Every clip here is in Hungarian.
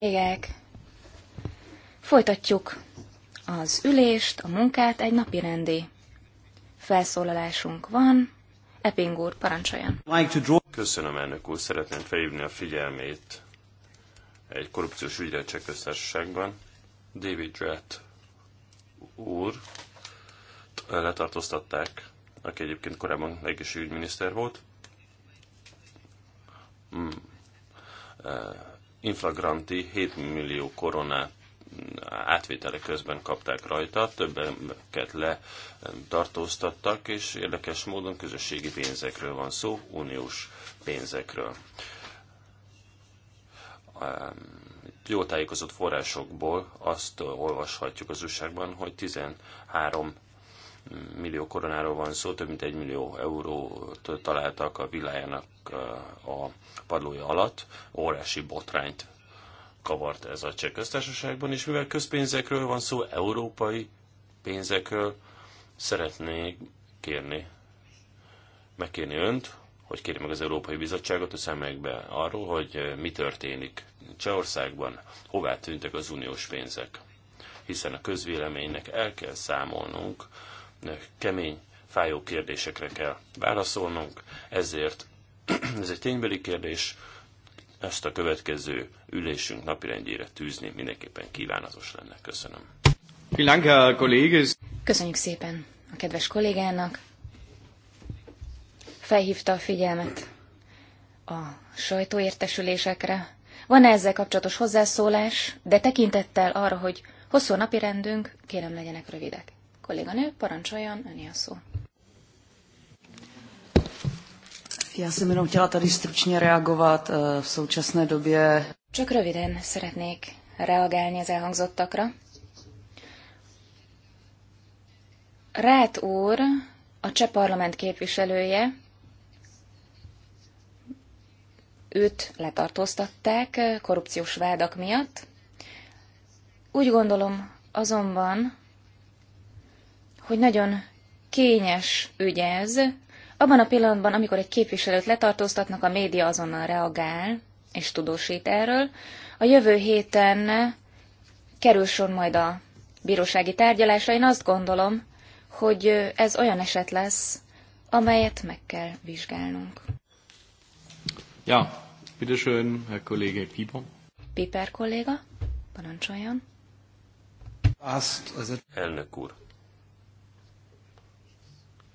Kollégák, folytatjuk az ülést, a munkát, egy napi rendi felszólalásunk van. Epping úr, parancsoljon! Köszönöm, elnök úr, szeretném felhívni a figyelmét egy korrupciós ügyre cseh David Dratt úr letartóztatták, aki egyébként korábban egészségügyminiszter volt. Mm infragranti 7 millió korona átvétele közben kapták rajta, többeket le tartóztattak, és érdekes módon közösségi pénzekről van szó, uniós pénzekről. Jó tájékozott forrásokból azt olvashatjuk az újságban, hogy 13 millió koronáról van szó, több mint egy millió eurót találtak a világának a padlója alatt. Órási botrányt kavart ez a cseh köztársaságban, és mivel közpénzekről van szó, európai pénzekről, szeretnék kérni, megkérni önt, hogy kérje meg az Európai Bizottságot, hogy számolják be arról, hogy mi történik Csehországban, hová tűntek az uniós pénzek. Hiszen a közvéleménynek el kell számolnunk kemény, fájó kérdésekre kell válaszolnunk, ezért ez egy ténybeli kérdés, ezt a következő ülésünk napirendjére tűzni mindenképpen kívánatos lenne. Köszönöm. Köszönjük szépen a kedves kollégának. Felhívta a figyelmet a sajtóértesülésekre. van -e ezzel kapcsolatos hozzászólás, de tekintettel arra, hogy hosszú napirendünk, kérem legyenek rövidek. Kolléganő, parancsoljon, öné a szó. Já jsem jenom chtěla tady stručně reagovat eh, v současné době. Csak röviden szeretnék reagálni az elhangzottakra. Rát úr, a cseh parlament képviselője, őt letartóztatták eh, korrupciós vádak miatt. Úgy gondolom azonban, hogy nagyon kényes ügy ez. Abban a pillanatban, amikor egy képviselőt letartóztatnak, a média azonnal reagál és tudósít erről. A jövő héten kerül sor majd a bírósági tárgyalásra. Én azt gondolom, hogy ez olyan eset lesz, amelyet meg kell vizsgálnunk. Ja, üdvözlően, Herr Kollege Pieper. Piper kolléga, parancsoljon. Azt, az Elnök úr,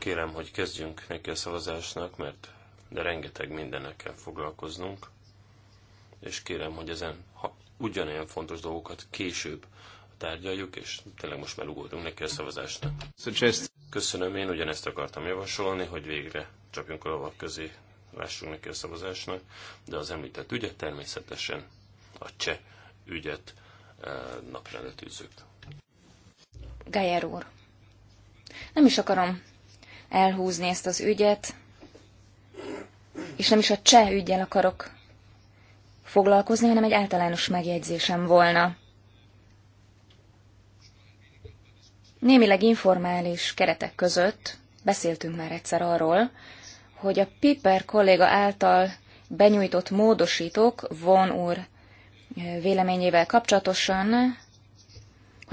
Kérem, hogy kezdjünk neki a szavazásnak, mert de rengeteg mindennek kell foglalkoznunk, és kérem, hogy ezen ha ugyanilyen fontos dolgokat később tárgyaljuk, és tényleg most már ugorjunk neki a szavazásnak. Köszönöm, én ugyanezt akartam javasolni, hogy végre csapjunk a lovak közé, lássunk neki a szavazásnak, de az említett ügyet természetesen a cseh ügyet napra előtt Gajer úr, nem is akarom elhúzni ezt az ügyet, és nem is a cseh ügyen akarok foglalkozni, hanem egy általános megjegyzésem volna. Némileg informális keretek között beszéltünk már egyszer arról, hogy a Piper kolléga által benyújtott módosítók von úr véleményével kapcsolatosan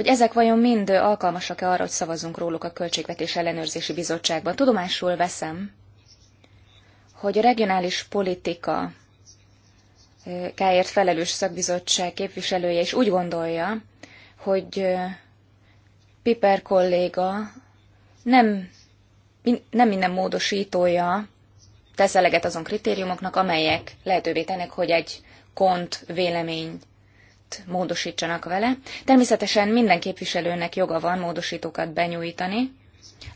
hogy ezek vajon mind alkalmasak-e arra, hogy szavazzunk róluk a Költségvetés Ellenőrzési Bizottságban. Tudomásul veszem, hogy a regionális politika káért felelős szakbizottság képviselője is úgy gondolja, hogy Piper kolléga nem, nem minden módosítója tesz eleget azon kritériumoknak, amelyek lehetővé tennek, hogy egy kont vélemény mit módosítsanak vele. Természetesen minden képviselőnek joga van módosítókat benyújtani.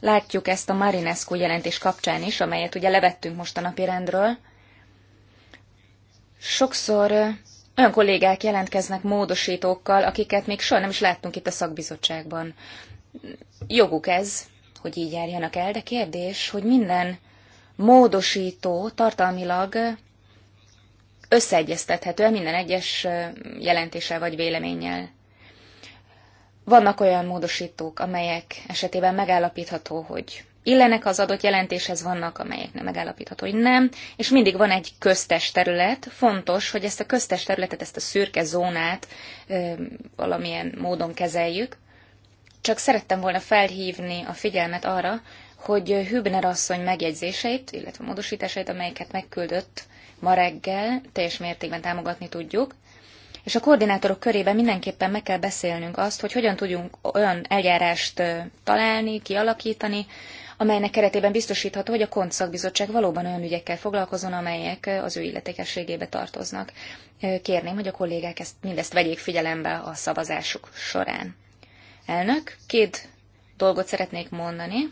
Látjuk ezt a Marinescu jelentés kapcsán is, amelyet ugye levettünk most a napirendről. Sokszor olyan kollégák jelentkeznek módosítókkal, akiket még soha nem is láttunk itt a szakbizottságban. Joguk ez, hogy így járjanak el, de kérdés, hogy minden módosító tartalmilag összeegyeztethető minden egyes jelentéssel vagy véleménnyel. Vannak olyan módosítók, amelyek esetében megállapítható, hogy illenek az adott jelentéshez, vannak, amelyek nem megállapítható, hogy nem, és mindig van egy köztes terület. Fontos, hogy ezt a köztes területet, ezt a szürke zónát ö, valamilyen módon kezeljük. Csak szerettem volna felhívni a figyelmet arra, hogy Hübner asszony megjegyzéseit, illetve módosításait, amelyeket megküldött ma reggel teljes mértékben támogatni tudjuk, és a koordinátorok körében mindenképpen meg kell beszélnünk azt, hogy hogyan tudjunk olyan eljárást találni, kialakítani, amelynek keretében biztosítható, hogy a kontszakbizottság valóban olyan ügyekkel foglalkozon, amelyek az ő illetékességébe tartoznak. Kérném, hogy a kollégák ezt, mindezt vegyék figyelembe a szavazásuk során. Elnök, két dolgot szeretnék mondani.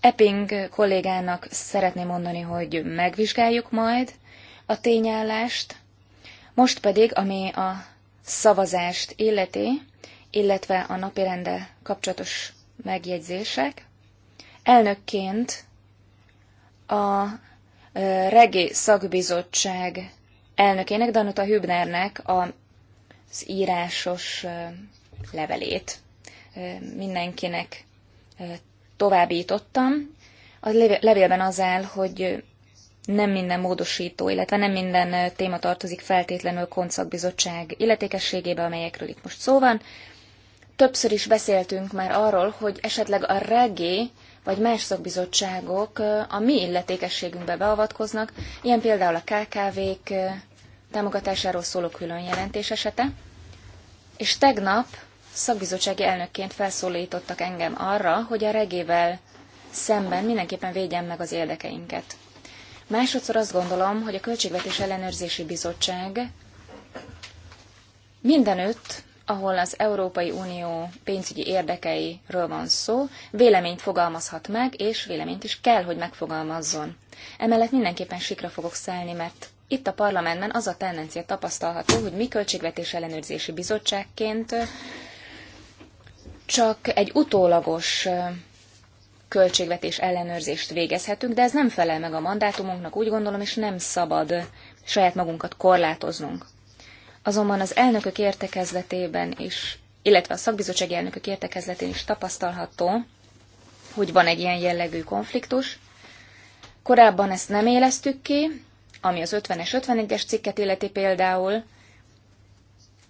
Epping kollégának szeretném mondani, hogy megvizsgáljuk majd a tényállást, most pedig, ami a szavazást illeti, illetve a napirende kapcsolatos megjegyzések, elnökként a regi szakbizottság elnökének, Danuta Hübnernek az írásos levelét mindenkinek továbbítottam. A levélben az áll, hogy nem minden módosító, illetve nem minden téma tartozik feltétlenül koncakbizottság illetékességébe, amelyekről itt most szó van. Többször is beszéltünk már arról, hogy esetleg a regé vagy más szakbizottságok a mi illetékességünkbe beavatkoznak, ilyen például a KKV-k támogatásáról szóló külön jelentés esete. És tegnap szakbizottsági elnökként felszólítottak engem arra, hogy a regével szemben mindenképpen védjem meg az érdekeinket. Másodszor azt gondolom, hogy a Költségvetés Ellenőrzési Bizottság mindenütt, ahol az Európai Unió pénzügyi érdekeiről van szó, véleményt fogalmazhat meg, és véleményt is kell, hogy megfogalmazzon. Emellett mindenképpen sikra fogok szállni, mert itt a parlamentben az a tendencia tapasztalható, hogy mi Költségvetés Ellenőrzési Bizottságként csak egy utólagos költségvetés ellenőrzést végezhetünk, de ez nem felel meg a mandátumunknak, úgy gondolom, és nem szabad saját magunkat korlátoznunk. Azonban az elnökök értekezletében is, illetve a szakbizottsági elnökök értekezletén is tapasztalható, hogy van egy ilyen jellegű konfliktus. Korábban ezt nem éleztük ki, ami az 50-es, 51-es cikket illeti például,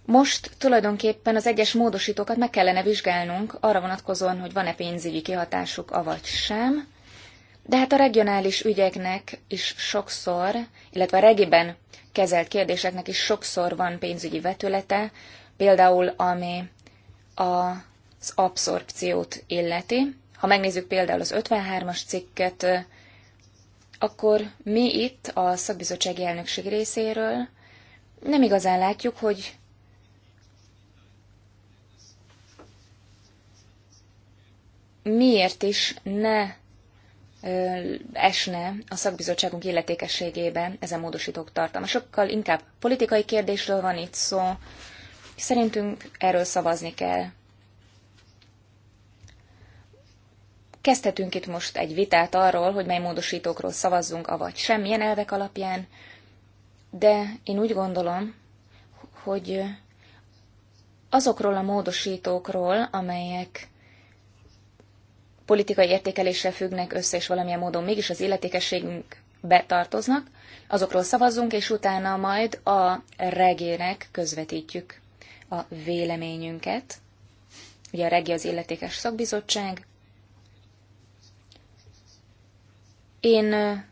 most tulajdonképpen az egyes módosítókat meg kellene vizsgálnunk arra vonatkozóan, hogy van-e pénzügyi kihatásuk, avagy sem. De hát a regionális ügyeknek is sokszor, illetve a regiben kezelt kérdéseknek is sokszor van pénzügyi vetülete, például ami az abszorpciót illeti. Ha megnézzük például az 53-as cikket, akkor mi itt a szakbizottsági elnökség részéről nem igazán látjuk, hogy miért is ne esne a szakbizottságunk illetékességébe ezen módosítók tartalma. Sokkal inkább politikai kérdésről van itt szó. Szerintünk erről szavazni kell. Kezdhetünk itt most egy vitát arról, hogy mely módosítókról szavazzunk, avagy semmilyen elvek alapján, de én úgy gondolom, hogy azokról a módosítókról, amelyek politikai értékeléssel függnek össze, és valamilyen módon mégis az illetékességünk tartoznak, azokról szavazzunk, és utána majd a regének közvetítjük a véleményünket. Ugye a regi az illetékes szakbizottság. Én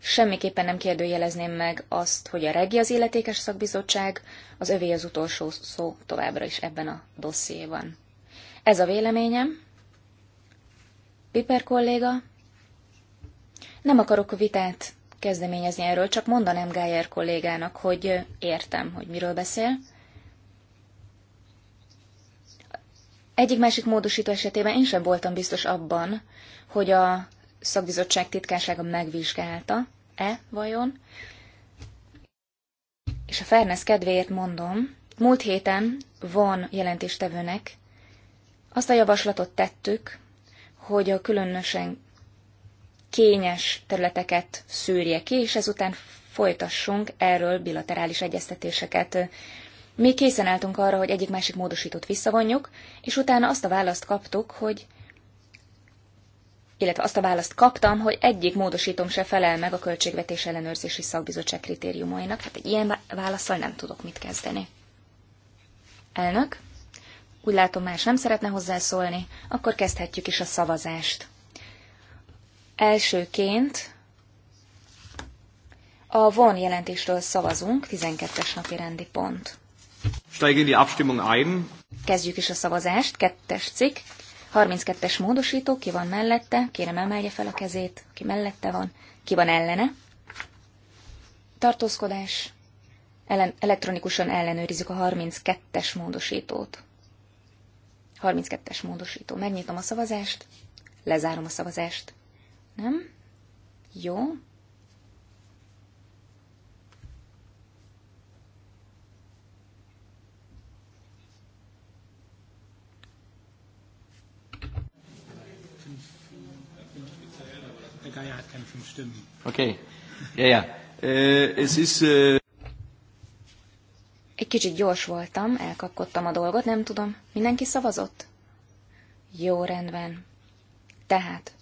semmiképpen nem kérdőjelezném meg azt, hogy a regi az illetékes szakbizottság, az övé az utolsó szó továbbra is ebben a dossziéban. Ez a véleményem, Piper kolléga? Nem akarok vitát kezdeményezni erről, csak mondanám Geyer kollégának, hogy értem, hogy miről beszél. Egyik-másik módosító esetében én sem voltam biztos abban, hogy a szakbizottság titkársága megvizsgálta-e vajon. És a fairness kedvéért mondom, múlt héten van jelentéstevőnek azt a javaslatot tettük, hogy a különösen kényes területeket szűrje ki, és ezután folytassunk erről bilaterális egyeztetéseket. Mi készen álltunk arra, hogy egyik-másik módosítót visszavonjuk, és utána azt a választ kaptuk, hogy illetve azt a választ kaptam, hogy egyik módosítom se felel meg a Költségvetés Ellenőrzési Szakbizottság kritériumainak. Hát egy ilyen válaszsal nem tudok mit kezdeni. Elnök? Úgy látom, más nem szeretne hozzászólni, akkor kezdhetjük is a szavazást. Elsőként a von jelentésről szavazunk, 12-es napi rendi pont. Steige die Abstimmung ein. Kezdjük is a szavazást, kettes cikk. 32-es módosító, ki van mellette, kérem emelje fel a kezét, ki mellette van, ki van ellene. Tartózkodás. Ellen, elektronikusan ellenőrizzük a 32-es módosítót. 32-es módosító. Megnyitom a szavazást, lezárom a szavazást. Nem? Jó. Okay. Ja, ja. Äh, es ist. Äh egy kicsit gyors voltam, elkapkodtam a dolgot, nem tudom. Mindenki szavazott? Jó, rendben. Tehát,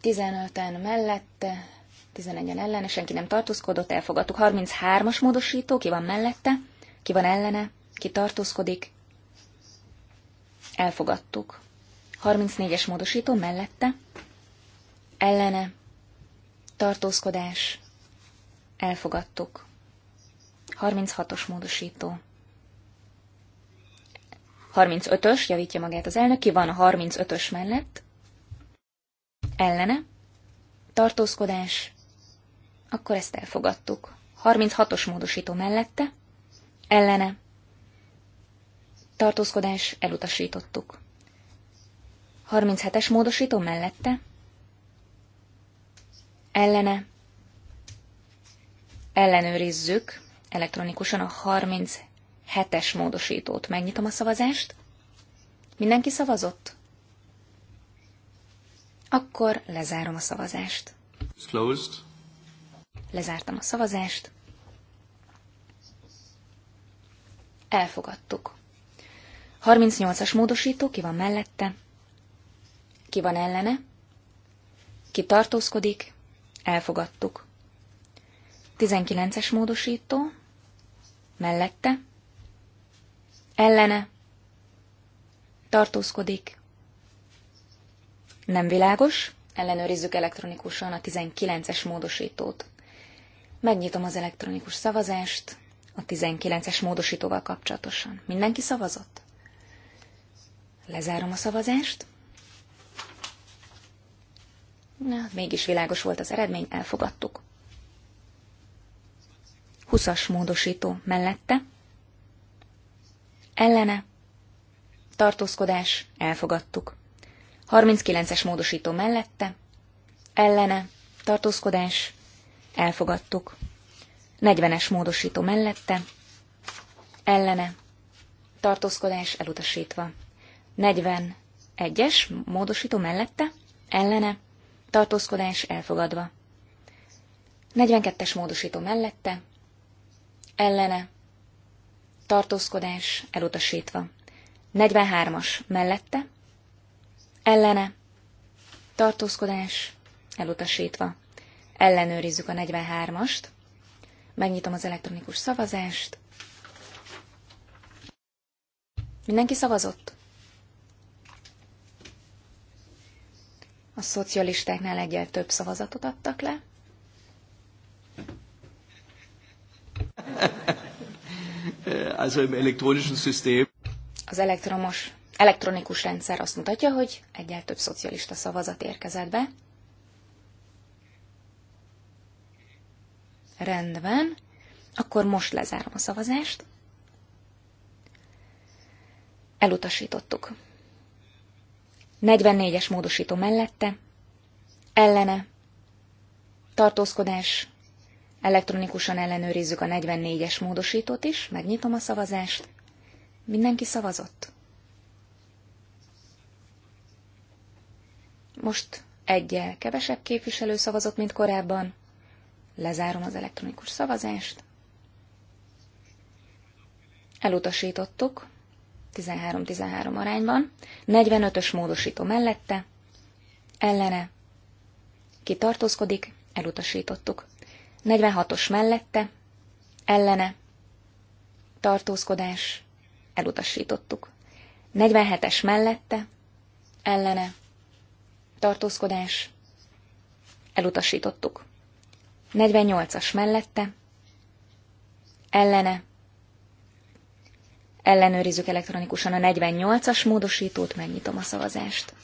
Tizenöten mellette, tizenegyen ellene, senki nem tartózkodott, elfogadtuk. 33-as módosító, ki van mellette, ki van ellene, ki tartózkodik, elfogadtuk. 34-es módosító mellette, ellene, tartózkodás, elfogadtuk. 36-os módosító. 35-ös, javítja magát az elnök, ki van a 35-ös mellett? Ellene? Tartózkodás? Akkor ezt elfogadtuk. 36-os módosító mellette? Ellene? Tartózkodás elutasítottuk. 37-es módosító mellette? Ellene? Ellenőrizzük elektronikusan a 37-es módosítót. Megnyitom a szavazást. Mindenki szavazott? Akkor lezárom a szavazást. It's closed. Lezártam a szavazást. Elfogadtuk. 38-as módosító, ki van mellette? Ki van ellene? Ki tartózkodik? Elfogadtuk. 19-es módosító, mellette, ellene, tartózkodik, nem világos, ellenőrizzük elektronikusan a 19-es módosítót. Megnyitom az elektronikus szavazást a 19-es módosítóval kapcsolatosan. Mindenki szavazott? Lezárom a szavazást. Na, mégis világos volt az eredmény, elfogadtuk. 20-as módosító mellette, ellene, tartózkodás, elfogadtuk. 39-es módosító mellette, ellene, tartózkodás, elfogadtuk. 40-es módosító mellette, ellene, tartózkodás elutasítva. 41-es módosító mellette, ellene, tartózkodás elfogadva. 42-es módosító mellette, ellene, tartózkodás elutasítva. 43-as mellette, ellene, tartózkodás elutasítva. Ellenőrizzük a 43-ast, megnyitom az elektronikus szavazást. Mindenki szavazott? A szocialistáknál egyel több szavazatot adtak le. also im elektronischen System. Az elektromos, elektronikus rendszer azt mutatja, hogy egyel több szocialista szavazat érkezett be. Rendben. Akkor most lezárom a szavazást. Elutasítottuk. 44-es módosító mellette, ellene, tartózkodás, Elektronikusan ellenőrizzük a 44-es módosítót is, megnyitom a szavazást. Mindenki szavazott? Most egyel kevesebb képviselő szavazott, mint korábban. Lezárom az elektronikus szavazást. Elutasítottuk 13-13 arányban, 45-ös módosító mellette, ellene, ki tartózkodik, elutasítottuk. 46-os mellette, ellene, tartózkodás, elutasítottuk. 47-es mellette, ellene, tartózkodás, elutasítottuk. 48-as mellette, ellene, ellenőrizzük elektronikusan a 48-as módosítót, megnyitom a szavazást.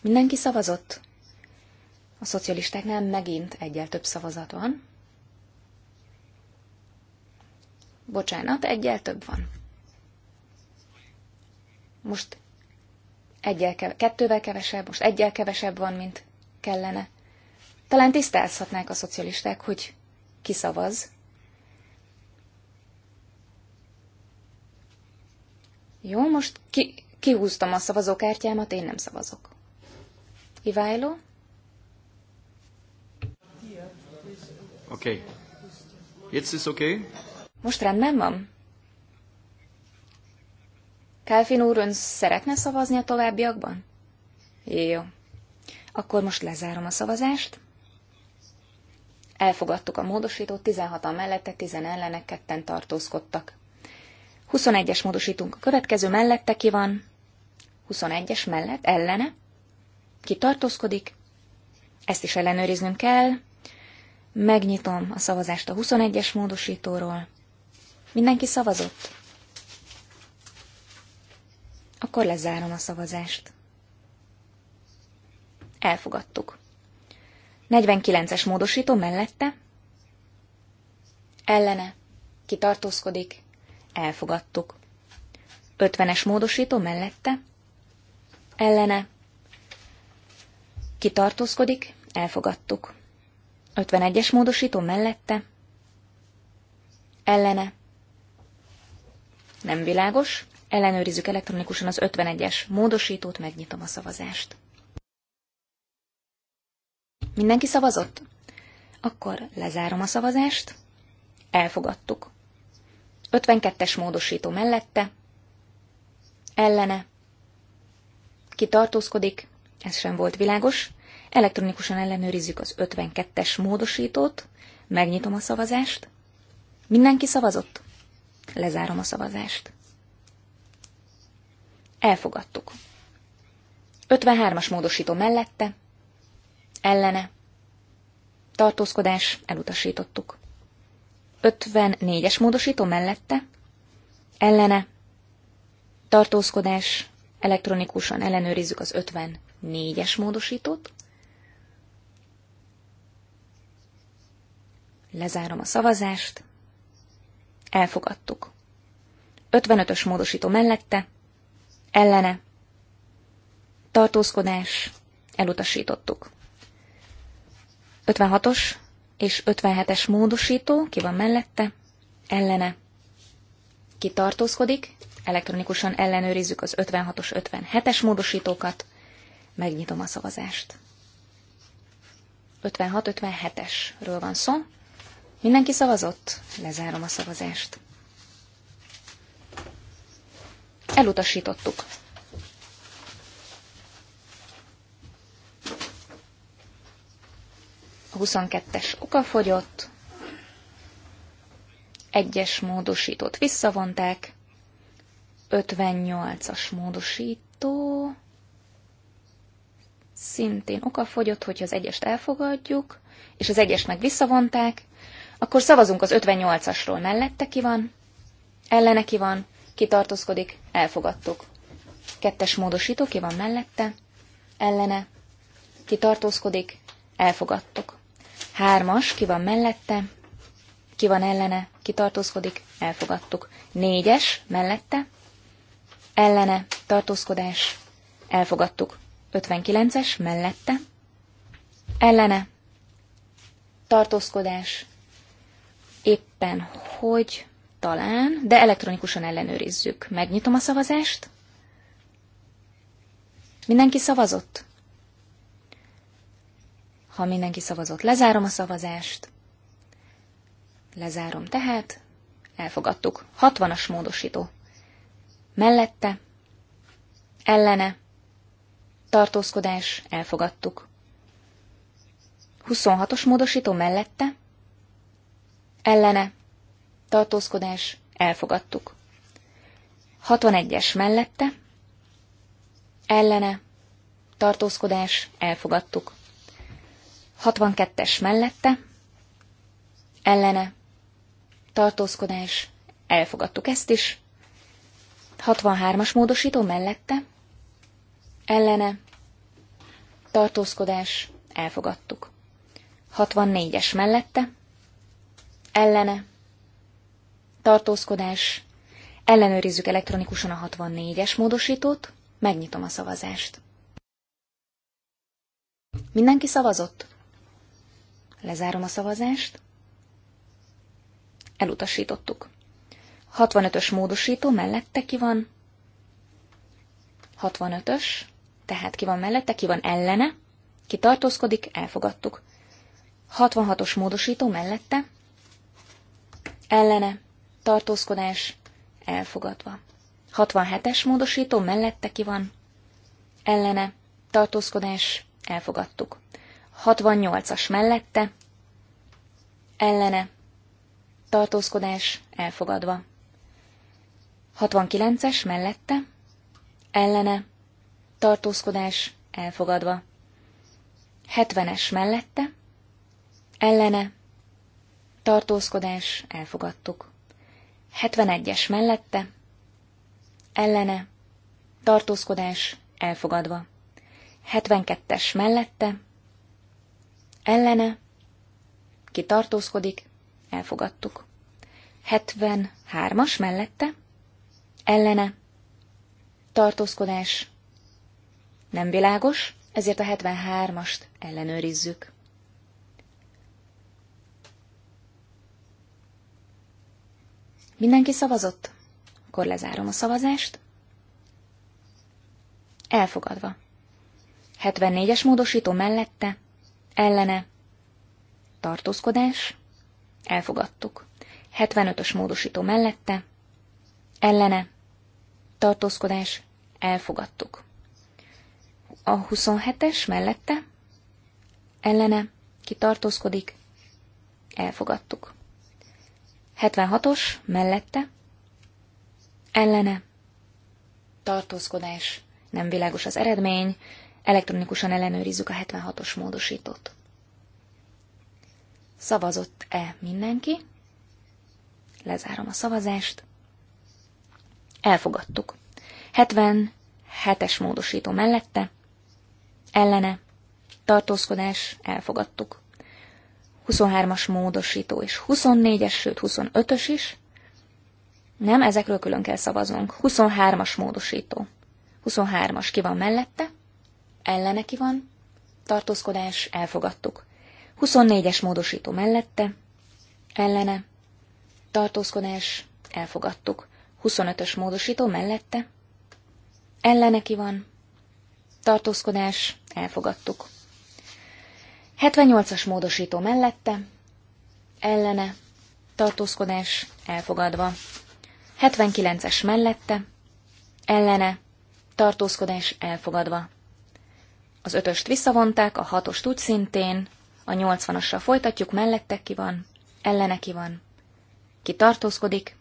Mindenki szavazott? A szocialistáknál megint egyel több szavazat van. Bocsánat, egyel több van. Most egyel keve, kettővel kevesebb, most egyel kevesebb van, mint kellene. Talán tisztázhatnák a szocialisták, hogy ki szavaz. Jó, most ki, kihúztam a szavazókártyámat, én nem szavazok. Iváló? Okay. Jetzt ist okay? Most rendben van? Kálfin úr, ön szeretne szavazni a továbbiakban? Jó. Akkor most lezárom a szavazást. Elfogadtuk a módosítót, 16-an mellette, 10 ellenek, ketten tartózkodtak. 21-es módosítunk a következő, mellette ki van? 21-es mellett, ellene? Ki tartózkodik? Ezt is ellenőriznünk kell. Megnyitom a szavazást a 21-es módosítóról. Mindenki szavazott? Akkor lezárom a szavazást. Elfogadtuk. 49-es módosító mellette? Ellene. Kitartózkodik. Elfogadtuk. 50-es módosító mellette? Ellene. Kitartózkodik. Elfogadtuk. 51-es módosító mellette, ellene, nem világos, ellenőrizzük elektronikusan az 51-es módosítót, megnyitom a szavazást. Mindenki szavazott? Akkor lezárom a szavazást. Elfogadtuk. 52-es módosító mellette, ellene, ki tartózkodik, ez sem volt világos, Elektronikusan ellenőrizzük az 52-es módosítót, megnyitom a szavazást. Mindenki szavazott? Lezárom a szavazást. Elfogadtuk. 53-as módosító mellette, ellene, tartózkodás, elutasítottuk. 54-es módosító mellette, ellene, tartózkodás, elektronikusan ellenőrizzük az 54-es módosítót. Lezárom a szavazást. Elfogadtuk. 55-ös módosító mellette, ellene, tartózkodás, elutasítottuk. 56-os és 57-es módosító, ki van mellette, ellene, ki tartózkodik, elektronikusan ellenőrizzük az 56-os, 57-es módosítókat, megnyitom a szavazást. 56-57-esről van szó, Mindenki szavazott? Lezárom a szavazást. Elutasítottuk. A 22-es okafogyott, egyes módosítót visszavonták, 58-as módosító szintén okafogyott, hogyha az egyest elfogadjuk, és az egyest meg visszavonták, akkor szavazunk az 58-asról. Mellette ki van? Ellene ki van? Kitartózkodik? Elfogadtuk. Kettes módosító ki van mellette? Ellene? Kitartózkodik? Elfogadtuk. Hármas ki van mellette? Ki van ellene? Kitartózkodik? Elfogadtuk. Négyes mellette? Ellene? Tartózkodás? Elfogadtuk. 59-es mellette? Ellene? Tartózkodás? éppen hogy talán, de elektronikusan ellenőrizzük. Megnyitom a szavazást. Mindenki szavazott? Ha mindenki szavazott, lezárom a szavazást. Lezárom tehát. Elfogadtuk. 60-as módosító. Mellette. Ellene. Tartózkodás. Elfogadtuk. 26-os módosító mellette ellene, tartózkodás, elfogadtuk. 61-es mellette, ellene, tartózkodás, elfogadtuk. 62-es mellette, ellene, tartózkodás, elfogadtuk ezt is. 63-as módosító mellette, ellene, tartózkodás, elfogadtuk. 64-es mellette, ellene, tartózkodás, ellenőrizzük elektronikusan a 64-es módosítót, megnyitom a szavazást. Mindenki szavazott? Lezárom a szavazást. Elutasítottuk. 65-ös módosító mellette ki van? 65-ös, tehát ki van mellette, ki van ellene, ki tartózkodik, elfogadtuk. 66-os módosító mellette, ellene, tartózkodás, elfogadva. 67-es módosító mellette ki van, ellene, tartózkodás, elfogadtuk. 68-as mellette, ellene, tartózkodás, elfogadva. 69-es mellette, ellene, tartózkodás, elfogadva. 70-es mellette, ellene, tartózkodás, elfogadtuk. 71-es mellette, ellene, tartózkodás, elfogadva. 72-es mellette, ellene, ki tartózkodik, elfogadtuk. 73-as mellette, ellene, tartózkodás, nem világos, ezért a 73-ast ellenőrizzük. Mindenki szavazott? Akkor lezárom a szavazást. Elfogadva. 74-es módosító mellette, ellene, tartózkodás, elfogadtuk. 75-ös módosító mellette, ellene, tartózkodás, elfogadtuk. A 27-es mellette, ellene, ki tartózkodik, elfogadtuk. 76-os mellette, ellene, tartózkodás, nem világos az eredmény, elektronikusan ellenőrizzük a 76-os módosítót. Szavazott-e mindenki? Lezárom a szavazást. Elfogadtuk. 77-es módosító mellette, ellene, tartózkodás, elfogadtuk. 23-as módosító és 24-es, sőt 25-ös is. Nem, ezekről külön kell szavaznunk. 23-as módosító. 23-as ki van mellette, ellene ki van, tartózkodás, elfogadtuk. 24-es módosító mellette, ellene, tartózkodás, elfogadtuk. 25-ös módosító mellette, ellene ki van, tartózkodás, elfogadtuk. 78-as módosító mellette, ellene, tartózkodás elfogadva. 79-es mellette, ellene, tartózkodás elfogadva. Az ötöst visszavonták, a hatost úgy szintén, a 80-assal folytatjuk, mellette ki van, ellene ki van. Ki tartózkodik,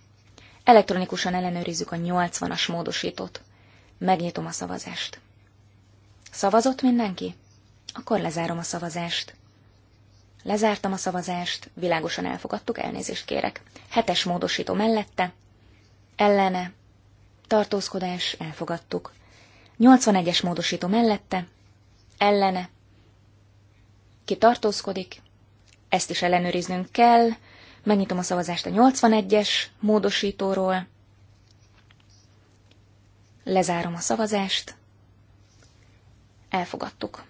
elektronikusan ellenőrizzük a 80-as módosítót. Megnyitom a szavazást. Szavazott mindenki? Akkor lezárom a szavazást. Lezártam a szavazást, világosan elfogadtuk, elnézést kérek. Hetes módosító mellette, ellene, tartózkodás, elfogadtuk. 81-es módosító mellette, ellene, ki tartózkodik, ezt is ellenőriznünk kell. Megnyitom a szavazást a 81-es módosítóról. Lezárom a szavazást. Elfogadtuk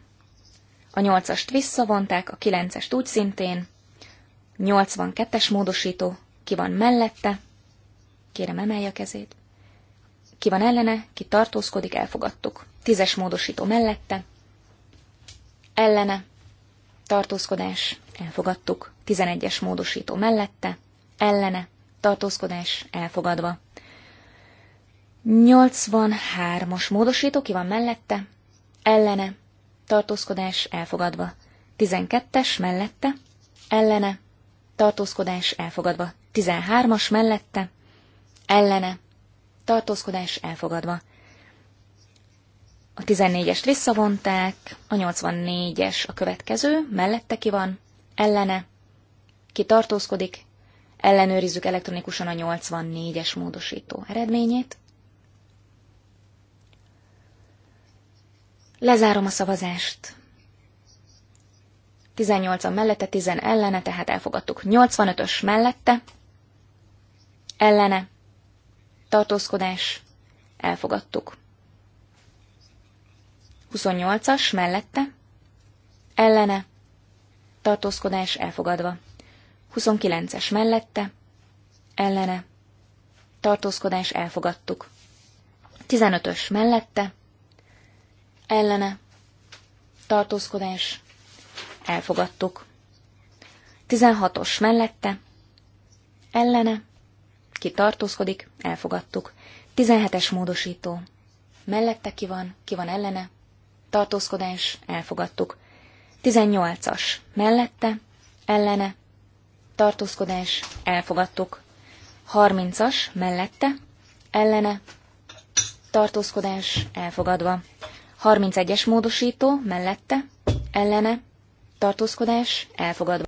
a 8-ast visszavonták, a 9-est úgy szintén, 82-es módosító, ki van mellette, kérem emelje a kezét, ki van ellene, ki tartózkodik, elfogadtuk. 10-es módosító mellette, ellene, tartózkodás, elfogadtuk. 11-es módosító mellette, ellene, tartózkodás, elfogadva. 83-as módosító, ki van mellette, ellene, tartózkodás elfogadva. 12-es mellette, ellene, tartózkodás elfogadva. 13-as mellette, ellene, tartózkodás elfogadva. A 14-est visszavonták, a 84-es a következő, mellette ki van, ellene, ki tartózkodik, ellenőrizzük elektronikusan a 84-es módosító eredményét. Lezárom a szavazást. 18-an mellette, 10 ellene, tehát elfogadtuk. 85-ös mellette, ellene, tartózkodás, elfogadtuk. 28-as mellette, ellene, tartózkodás elfogadva. 29-es mellette, ellene, tartózkodás elfogadtuk. 15-ös mellette, ellene, tartózkodás, elfogadtuk. 16-os mellette, ellene, ki tartózkodik, elfogadtuk. 17-es módosító, mellette ki van, ki van ellene, tartózkodás, elfogadtuk. 18-as, mellette, ellene, tartózkodás, elfogadtuk. 30-as, mellette, ellene, tartózkodás, elfogadva. 31-es módosító mellette, ellene, tartózkodás elfogadva.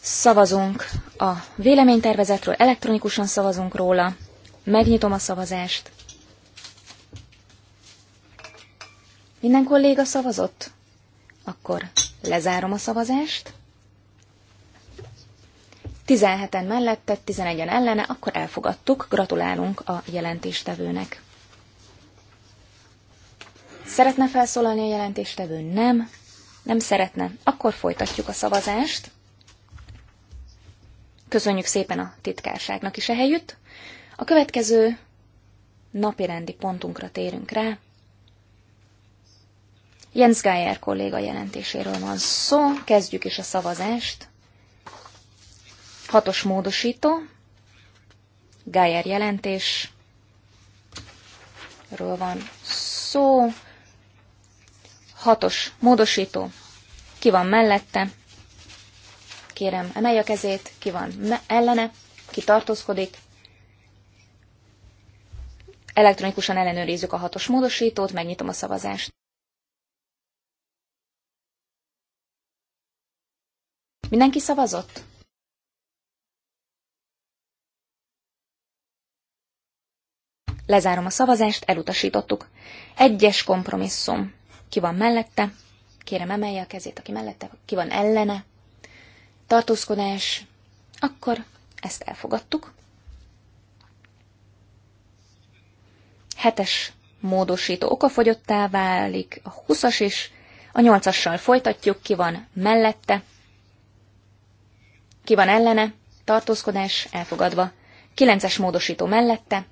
Szavazunk a véleménytervezetről, elektronikusan szavazunk róla. Megnyitom a szavazást. Minden kolléga szavazott? Akkor lezárom a szavazást. 17-en mellette, 11-en ellene, akkor elfogadtuk. Gratulálunk a jelentéstevőnek. Szeretne felszólalni a jelentéstevő? Nem. Nem szeretne. Akkor folytatjuk a szavazást. Köszönjük szépen a titkárságnak is ehelyütt. A következő napirendi pontunkra térünk rá. Jens Geyer kolléga jelentéséről van szó, kezdjük is a szavazást. Hatos módosító, Gájer jelentés, van szó, hatos módosító, ki van mellette, kérem emelje a kezét, ki van ellene, ki tartózkodik, elektronikusan ellenőrizzük a hatos módosítót, megnyitom a szavazást. Mindenki szavazott? Lezárom a szavazást, elutasítottuk. Egyes kompromisszum. Ki van mellette? Kérem emelje a kezét, aki mellette, ki van ellene. Tartózkodás. Akkor ezt elfogadtuk. Hetes módosító okafogyottá válik, a 20-as is, a 8-assal folytatjuk, ki van mellette, ki van ellene, tartózkodás elfogadva, 9-es módosító mellette,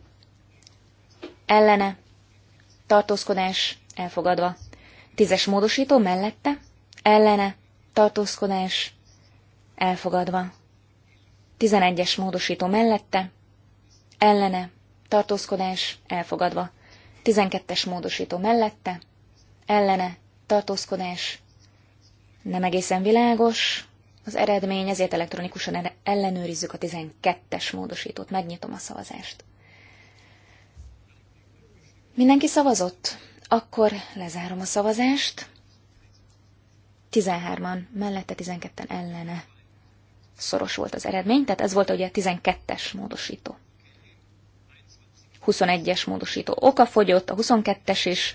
ellene, tartózkodás elfogadva. Tízes módosító mellette, ellene, tartózkodás elfogadva. Tizenegyes módosító mellette, ellene, tartózkodás elfogadva. Tizenkettes módosító mellette, ellene, tartózkodás nem egészen világos, az eredmény, ezért elektronikusan ellenőrizzük a 12-es módosítót. Megnyitom a szavazást. Mindenki szavazott? Akkor lezárom a szavazást. 13-an, mellette 12-en ellene. Szoros volt az eredmény, tehát ez volt ugye a 12-es módosító. 21-es módosító oka fogyott, a 22-es is,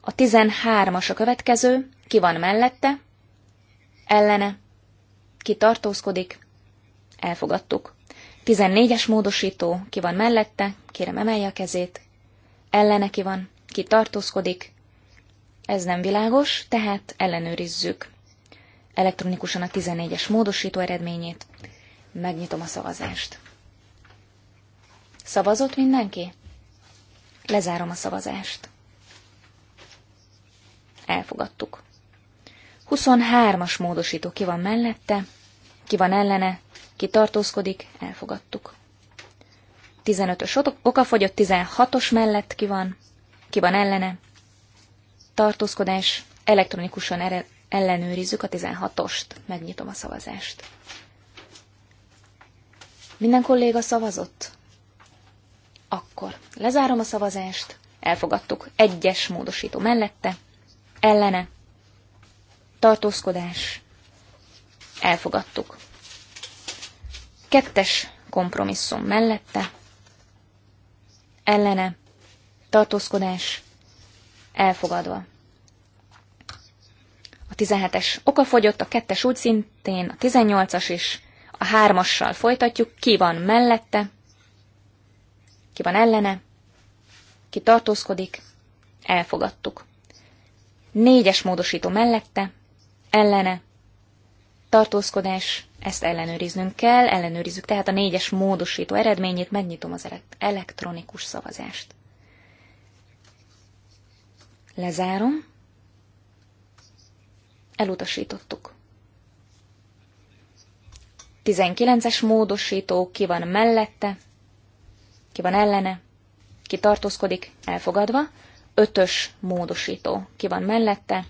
a 13-as a következő, ki van mellette, ellene, ki tartózkodik, elfogadtuk. 14-es módosító, ki van mellette, kérem emelje a kezét, ellene ki van, ki tartózkodik. Ez nem világos, tehát ellenőrizzük elektronikusan a 14-es módosító eredményét. Megnyitom a szavazást. Szavazott mindenki? Lezárom a szavazást. Elfogadtuk. 23-as módosító ki van mellette, ki van ellene, ki tartózkodik, elfogadtuk. 15-ös okafogyott, 16-os mellett ki van, ki van ellene. Tartózkodás, elektronikusan ere, ellenőrizzük a 16-ost. Megnyitom a szavazást. Minden kolléga szavazott? Akkor lezárom a szavazást, elfogadtuk egyes módosító mellette, ellene, tartózkodás, elfogadtuk. Kettes kompromisszum mellette, ellene, tartózkodás, elfogadva. A 17-es oka fogyott, a 2-es úgy szintén, a 18-as is, a 3-assal folytatjuk, ki van mellette, ki van ellene, ki tartózkodik, elfogadtuk. 4-es módosító mellette, ellene, tartózkodás, ezt ellenőriznünk kell, ellenőrizzük tehát a négyes módosító eredményét, megnyitom az elektronikus szavazást. Lezárom. Elutasítottuk. 19-es módosító, ki van mellette, ki van ellene, ki tartózkodik, elfogadva. 5-ös módosító, ki van mellette,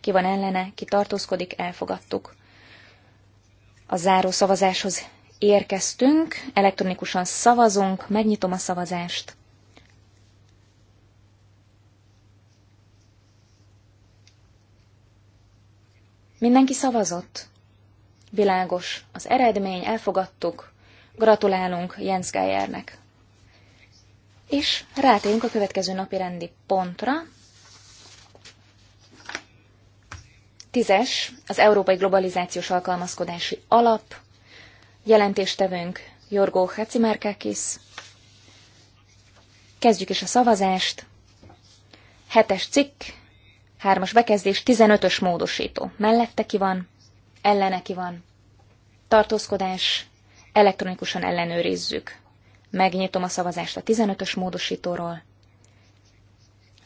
ki van ellene, ki tartózkodik, elfogadtuk. A záró szavazáshoz érkeztünk, elektronikusan szavazunk, megnyitom a szavazást. Mindenki szavazott? Világos, az eredmény, elfogadtuk. Gratulálunk Jens Geiernek. És rátérünk a következő napi rendi pontra, Tízes, az Európai Globalizációs Alkalmazkodási Alap, jelentéstevőnk Jorgó Hecimerkakis. Kezdjük is a szavazást. Hetes cikk, hármas bekezdés, 15-ös módosító. Mellette ki van, ellene ki van. Tartózkodás, elektronikusan ellenőrizzük. Megnyitom a szavazást a 15-ös módosítóról.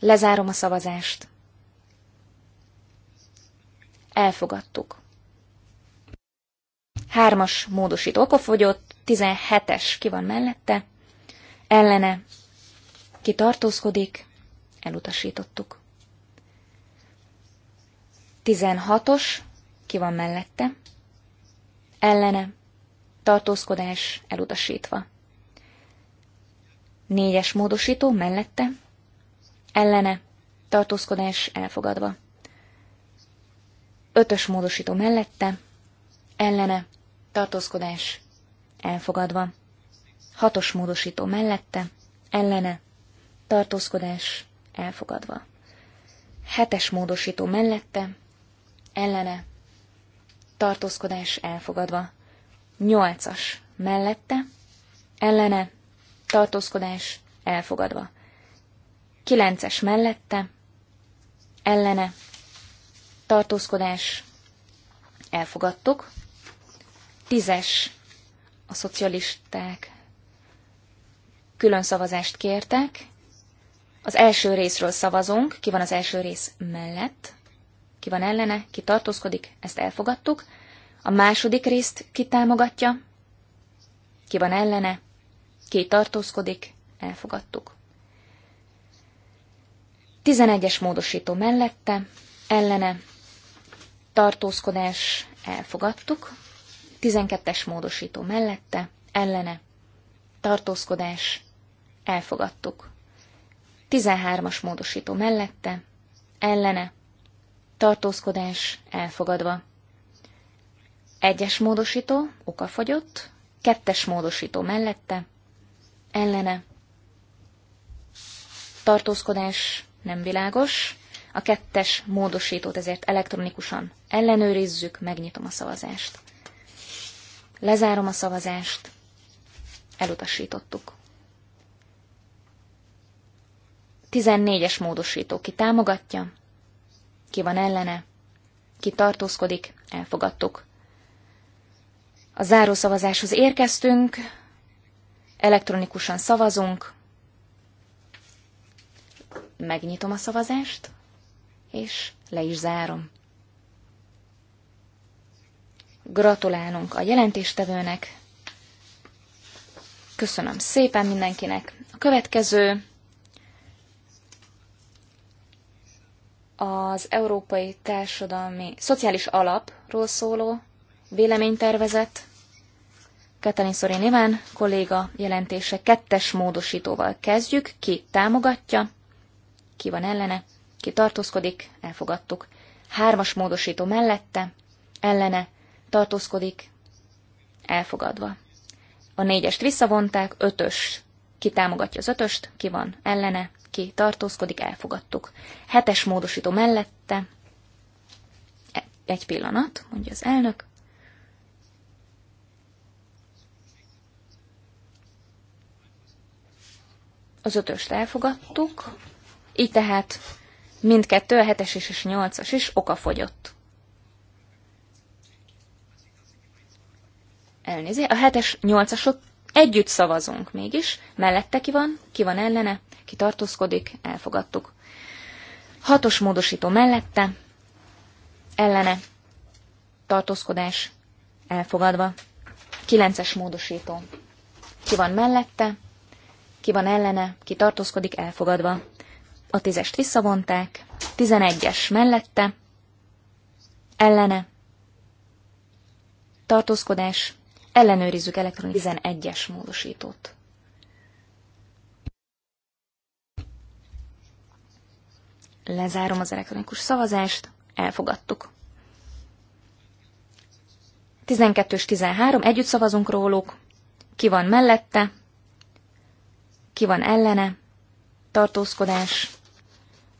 Lezárom a szavazást. Elfogadtuk. Hármas módosít okofogyott, 17-es ki van mellette, ellene ki tartózkodik, elutasítottuk. 16-os ki van mellette, ellene tartózkodás elutasítva. Négyes módosító mellette, ellene tartózkodás elfogadva. Ötös módosító mellette, ellene, tartózkodás, elfogadva. Hatos módosító mellette, ellene, tartózkodás, elfogadva. Hetes módosító mellette, ellene, tartózkodás, elfogadva. Nyolcas mellette, ellene, tartózkodás, elfogadva. Kilences mellette, ellene, tartózkodás, elfogadtuk. Tízes a szocialisták külön szavazást kértek. Az első részről szavazunk, ki van az első rész mellett, ki van ellene, ki tartózkodik, ezt elfogadtuk. A második részt ki támogatja, ki van ellene, ki tartózkodik, elfogadtuk. 11-es módosító mellette, ellene, tartózkodás elfogadtuk, 12-es módosító mellette, ellene, tartózkodás elfogadtuk, 13-as módosító mellette, ellene, tartózkodás elfogadva. Egyes módosító, okafogyott, kettes módosító mellette, ellene, tartózkodás nem világos, a kettes módosítót ezért elektronikusan ellenőrizzük, megnyitom a szavazást. Lezárom a szavazást, elutasítottuk. 14-es módosító ki támogatja, ki van ellene, ki tartózkodik, elfogadtuk. A zárószavazáshoz érkeztünk, elektronikusan szavazunk, megnyitom a szavazást és le is zárom. Gratulálunk a jelentéstevőnek. Köszönöm szépen mindenkinek. A következő az Európai Társadalmi Szociális Alapról szóló véleménytervezet. Katalin Szori Niván kolléga jelentése kettes módosítóval kezdjük. Ki támogatja, ki van ellene, ki tartózkodik, elfogadtuk. Hármas módosító mellette, ellene, tartózkodik, elfogadva. A négyest visszavonták, ötös, ki támogatja az ötöst, ki van ellene, ki tartózkodik, elfogadtuk. Hetes módosító mellette, egy pillanat, mondja az elnök, Az ötöst elfogadtuk, így tehát Mindkettő, a hetes is és a nyolcas as is okafogyott. Elnézi, a hetes nyolcasot együtt szavazunk mégis. Mellette ki van, ki van ellene, ki tartózkodik, elfogadtuk. Hatos módosító mellette, ellene, tartózkodás, elfogadva. Kilences módosító. Ki van mellette, ki van ellene, ki tartózkodik, elfogadva a tízest visszavonták, tizenegyes mellette, ellene, tartózkodás, ellenőrizzük elektronikus tizenegyes módosítót. Lezárom az elektronikus szavazást, elfogadtuk. 12 és 13, együtt szavazunk róluk, ki van mellette, ki van ellene, tartózkodás,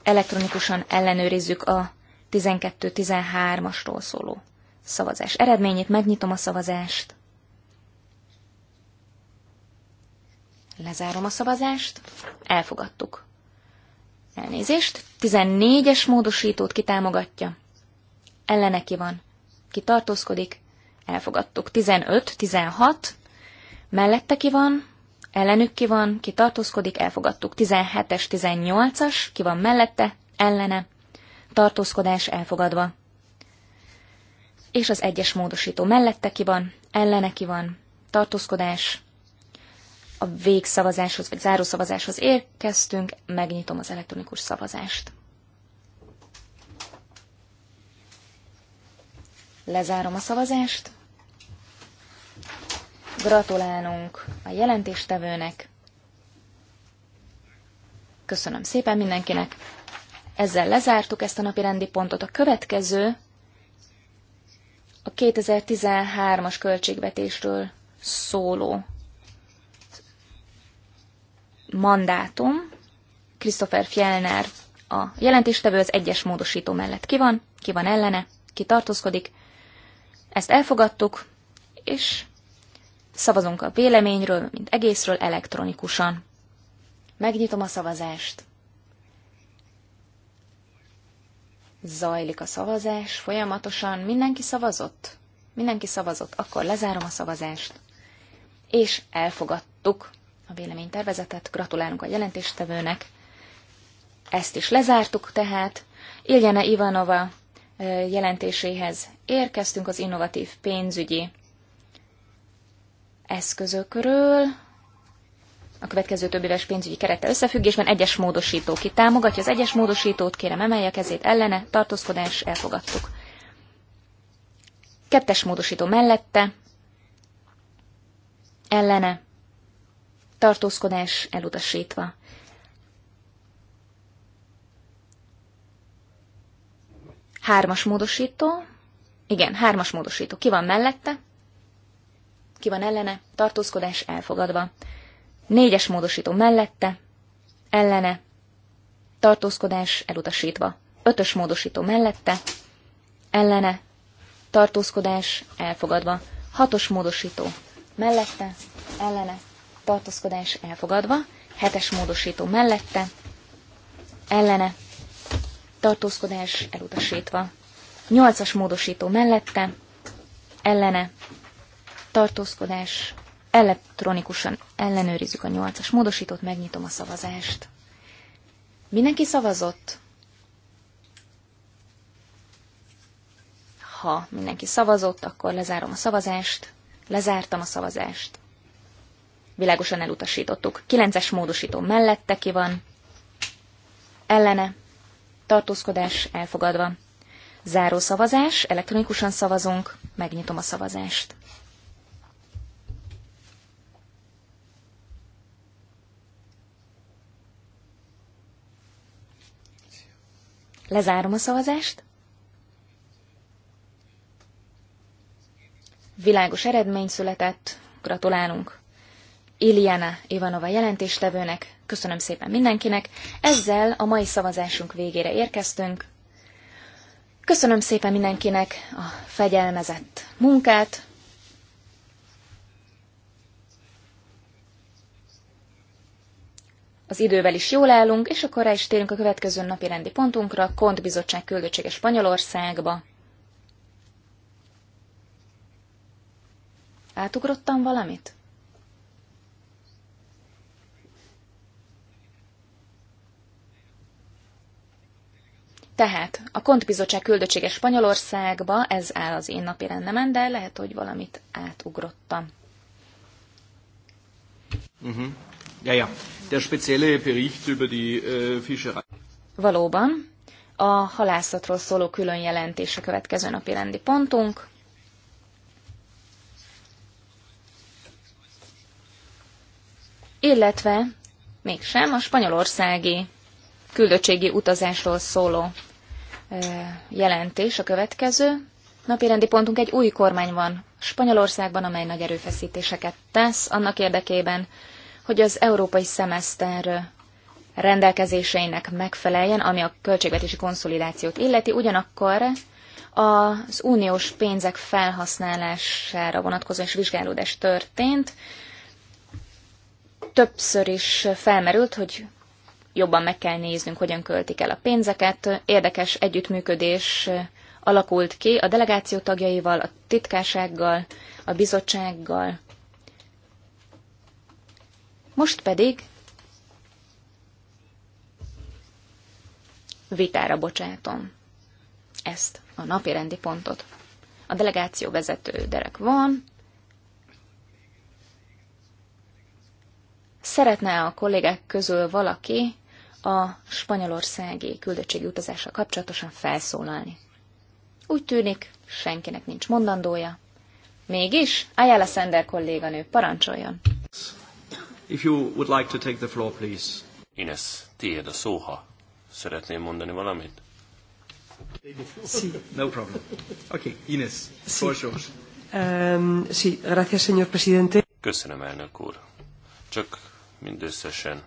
elektronikusan ellenőrizzük a 12-13-asról szóló szavazás eredményét, megnyitom a szavazást. Lezárom a szavazást. Elfogadtuk. Elnézést. 14-es módosítót kitámogatja. Ellene ki van. Ki tartózkodik. Elfogadtuk. 15, 16. Mellette ki van ellenük ki van, ki tartózkodik, elfogadtuk. 17-es, 18-as, ki van mellette, ellene, tartózkodás elfogadva. És az egyes módosító mellette ki van, ellene ki van, tartózkodás, a végszavazáshoz vagy zárószavazáshoz érkeztünk, megnyitom az elektronikus szavazást. Lezárom a szavazást. Gratulálunk a jelentéstevőnek. Köszönöm szépen mindenkinek. Ezzel lezártuk ezt a napi rendi pontot. A következő a 2013-as költségvetésről szóló mandátum. Christopher Fjellner a jelentéstevő az egyes módosító mellett ki van, ki van ellene, ki tartózkodik. Ezt elfogadtuk, és Szavazunk a véleményről, mint egészről elektronikusan. Megnyitom a szavazást. Zajlik a szavazás folyamatosan. Mindenki szavazott? Mindenki szavazott. Akkor lezárom a szavazást. És elfogadtuk a véleménytervezetet. Gratulálunk a jelentéstevőnek. Ezt is lezártuk tehát. Iljana Ivanova jelentéséhez érkeztünk az innovatív pénzügyi eszközökről, a következő több éves pénzügyi kerete összefüggésben egyes módosító. Ki támogatja az egyes módosítót, kérem emelje a kezét ellene, tartózkodás, elfogadtuk. Kettes módosító mellette, ellene, tartózkodás elutasítva. Hármas módosító, igen, hármas módosító. Ki van mellette? ki van ellene, tartózkodás elfogadva. Négyes módosító mellette, ellene, tartózkodás elutasítva. Ötös módosító mellette, ellene, tartózkodás elfogadva. Hatos módosító mellette, ellene, tartózkodás elfogadva. Hetes módosító mellette, ellene, tartózkodás elutasítva. Nyolcas módosító mellette, ellene, tartózkodás, elektronikusan ellenőrizzük a nyolcas módosítót, megnyitom a szavazást. Mindenki szavazott? Ha mindenki szavazott, akkor lezárom a szavazást. Lezártam a szavazást. Világosan elutasítottuk. Kilences módosító mellette ki van. Ellene. Tartózkodás elfogadva. Záró szavazás, elektronikusan szavazunk, megnyitom a szavazást. Lezárom a szavazást. Világos eredmény született. Gratulálunk. Iliana Ivanova jelentéstevőnek, köszönöm szépen mindenkinek. Ezzel a mai szavazásunk végére érkeztünk. Köszönöm szépen mindenkinek a fegyelmezett munkát, az idővel is jól állunk, és akkor rá is térünk a következő napi rendi pontunkra, Kont Bizottság küldöttsége Spanyolországba. Átugrottam valamit? Tehát a Kont Bizottság küldöttsége Spanyolországba, ez áll az én napi rendemen, de lehet, hogy valamit átugrottam. Uh-huh. Ja, ja. Der spezielle Bericht über die äh, Fischerei. Valóban. A halászatról szóló külön jelentés a következő napi rendi pontunk. Illetve mégsem a spanyolországi küldöttségi utazásról szóló jelentés a következő. rendi pontunk egy új kormány van Spanyolországban, amely nagy erőfeszítéseket tesz annak érdekében, hogy az európai szemeszter rendelkezéseinek megfeleljen, ami a költségvetési konszolidációt illeti, ugyanakkor az uniós pénzek felhasználására vonatkozó és vizsgálódás történt. Többször is felmerült, hogy jobban meg kell néznünk, hogyan költik el a pénzeket. Érdekes együttműködés alakult ki a delegáció tagjaival, a titkársággal, a bizottsággal, most pedig vitára bocsátom ezt a napi rendi pontot. A delegáció vezető Derek van. Szeretne a kollégák közül valaki a spanyolországi küldöttségi utazásra kapcsolatosan felszólalni? Úgy tűnik, senkinek nincs mondandója. Mégis, Ayala Sender kolléganő, parancsoljon! if you would like to take the floor, please. Ines, tiéd a szó, ha szeretném mondani valamit. Sí. No problem. Okay, Ines, sí. Sure. Um, sí, gracias, señor presidente. Köszönöm, elnök úr. Csak mindösszesen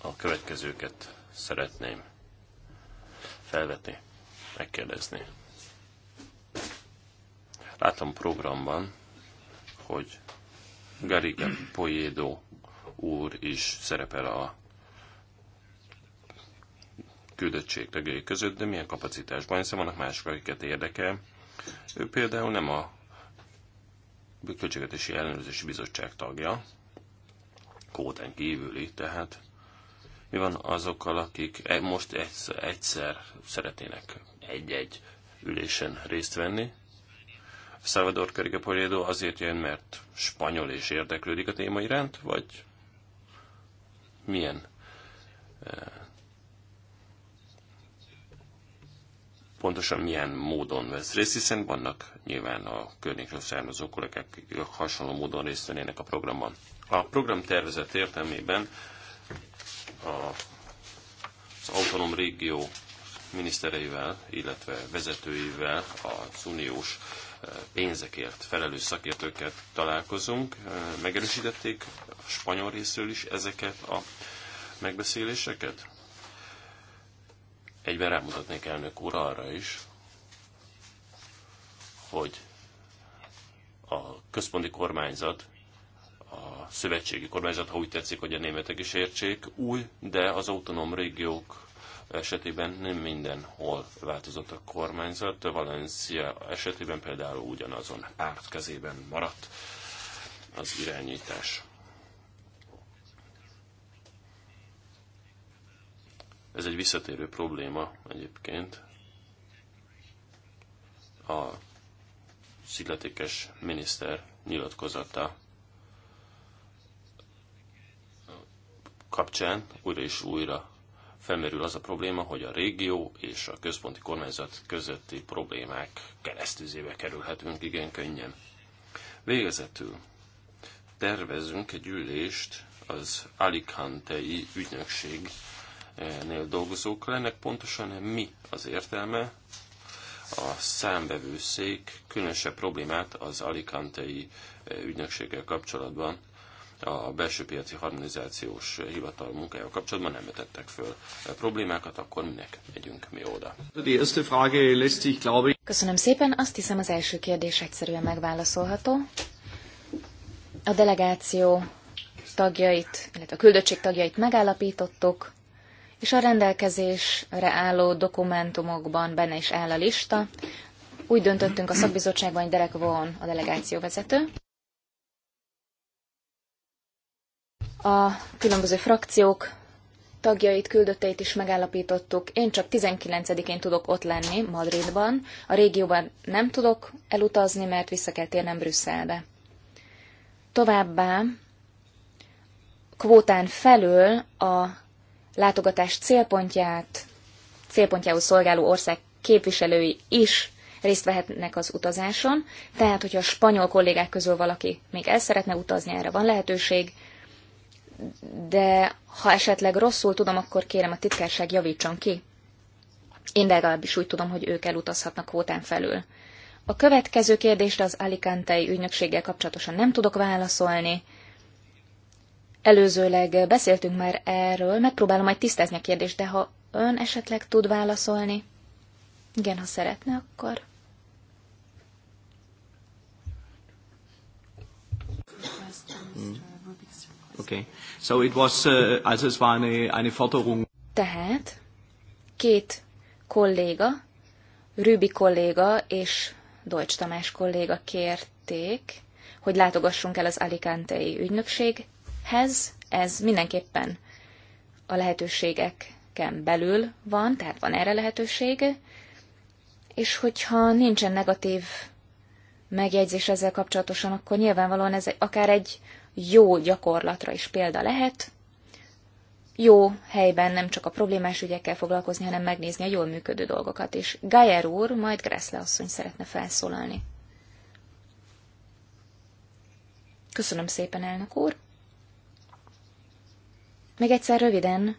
a következőket szeretném felvetni, megkérdezni. Látom programban, hogy Garriga Poyedo úr is szerepel a küldöttség tagjai között, de milyen kapacitásban, hiszen vannak mások, akiket érdekel. Ő például nem a Költségvetési Ellenőrzési Bizottság tagja, kóten kívüli, tehát mi van azokkal, akik e- most egyszer, egyszer szeretnének egy-egy ülésen részt venni, Salvador Cariga azért jön, mert spanyol és érdeklődik a téma iránt, vagy milyen eh, pontosan milyen módon vesz részt, hiszen vannak nyilván a környékről származó kollégák, akik hasonló módon részt vennének a programban. A programtervezet értelmében a, az autonóm régió minisztereivel, illetve vezetőivel, az uniós pénzekért felelős szakértőket találkozunk. Megerősítették a spanyol részről is ezeket a megbeszéléseket? Egyben rámutatnék elnök úr arra is, hogy a központi kormányzat, a szövetségi kormányzat, ha úgy tetszik, hogy a németek is értsék, új, de az autonóm régiók esetében nem mindenhol változott a kormányzat. Valencia esetében például ugyanazon párt kezében maradt az irányítás. Ez egy visszatérő probléma egyébként. A szigletékes miniszter nyilatkozata kapcsán újra és újra felmerül az a probléma, hogy a régió és a központi kormányzat közötti problémák keresztüzébe kerülhetünk igen könnyen. Végezetül tervezünk egy ülést az Alicante-i ügynökségnél dolgozók lennek. pontosan mi az értelme? A számbevőszék különösebb problémát az Alicante-i ügynökséggel kapcsolatban a belső piaci harmonizációs hivatal munkájával kapcsolatban nem vetettek föl problémákat, akkor minek megyünk mi oda. Köszönöm szépen, azt hiszem az első kérdés egyszerűen megválaszolható. A delegáció tagjait, illetve a küldöttség tagjait megállapítottuk, és a rendelkezésre álló dokumentumokban benne is áll a lista. Úgy döntöttünk a szakbizottságban, hogy Derek Vaughan a delegáció vezető. a különböző frakciók tagjait, küldötteit is megállapítottuk. Én csak 19-én tudok ott lenni, Madridban. A régióban nem tudok elutazni, mert vissza kell térnem Brüsszelbe. Továbbá kvótán felül a látogatás célpontját, célpontjául szolgáló ország képviselői is részt vehetnek az utazáson, tehát hogyha a spanyol kollégák közül valaki még el szeretne utazni, erre van lehetőség, de ha esetleg rosszul tudom, akkor kérem a titkárság javítson ki. Én legalábbis úgy tudom, hogy ők elutazhatnak kvótán felül. A következő kérdésre az Alicantei ügynökséggel kapcsolatosan nem tudok válaszolni. Előzőleg beszéltünk már erről, megpróbálom majd tisztázni a kérdést, de ha ön esetleg tud válaszolni, igen, ha szeretne, akkor... Mm. Okay. So it was, uh, also es war eine, eine Forderung. Tehát két kolléga, Rübi kolléga és Deutsch Tamás kolléga kérték, hogy látogassunk el az Alicante-i ügynökséghez. Ez mindenképpen a lehetőségeken belül van, tehát van erre lehetőség, és hogyha nincsen negatív megjegyzés ezzel kapcsolatosan, akkor nyilvánvalóan ez akár egy jó gyakorlatra is példa lehet. Jó helyben nem csak a problémás ügyekkel foglalkozni, hanem megnézni a jól működő dolgokat is. Gajer úr, majd Gressle asszony szeretne felszólalni. Köszönöm szépen, elnök úr. Még egyszer röviden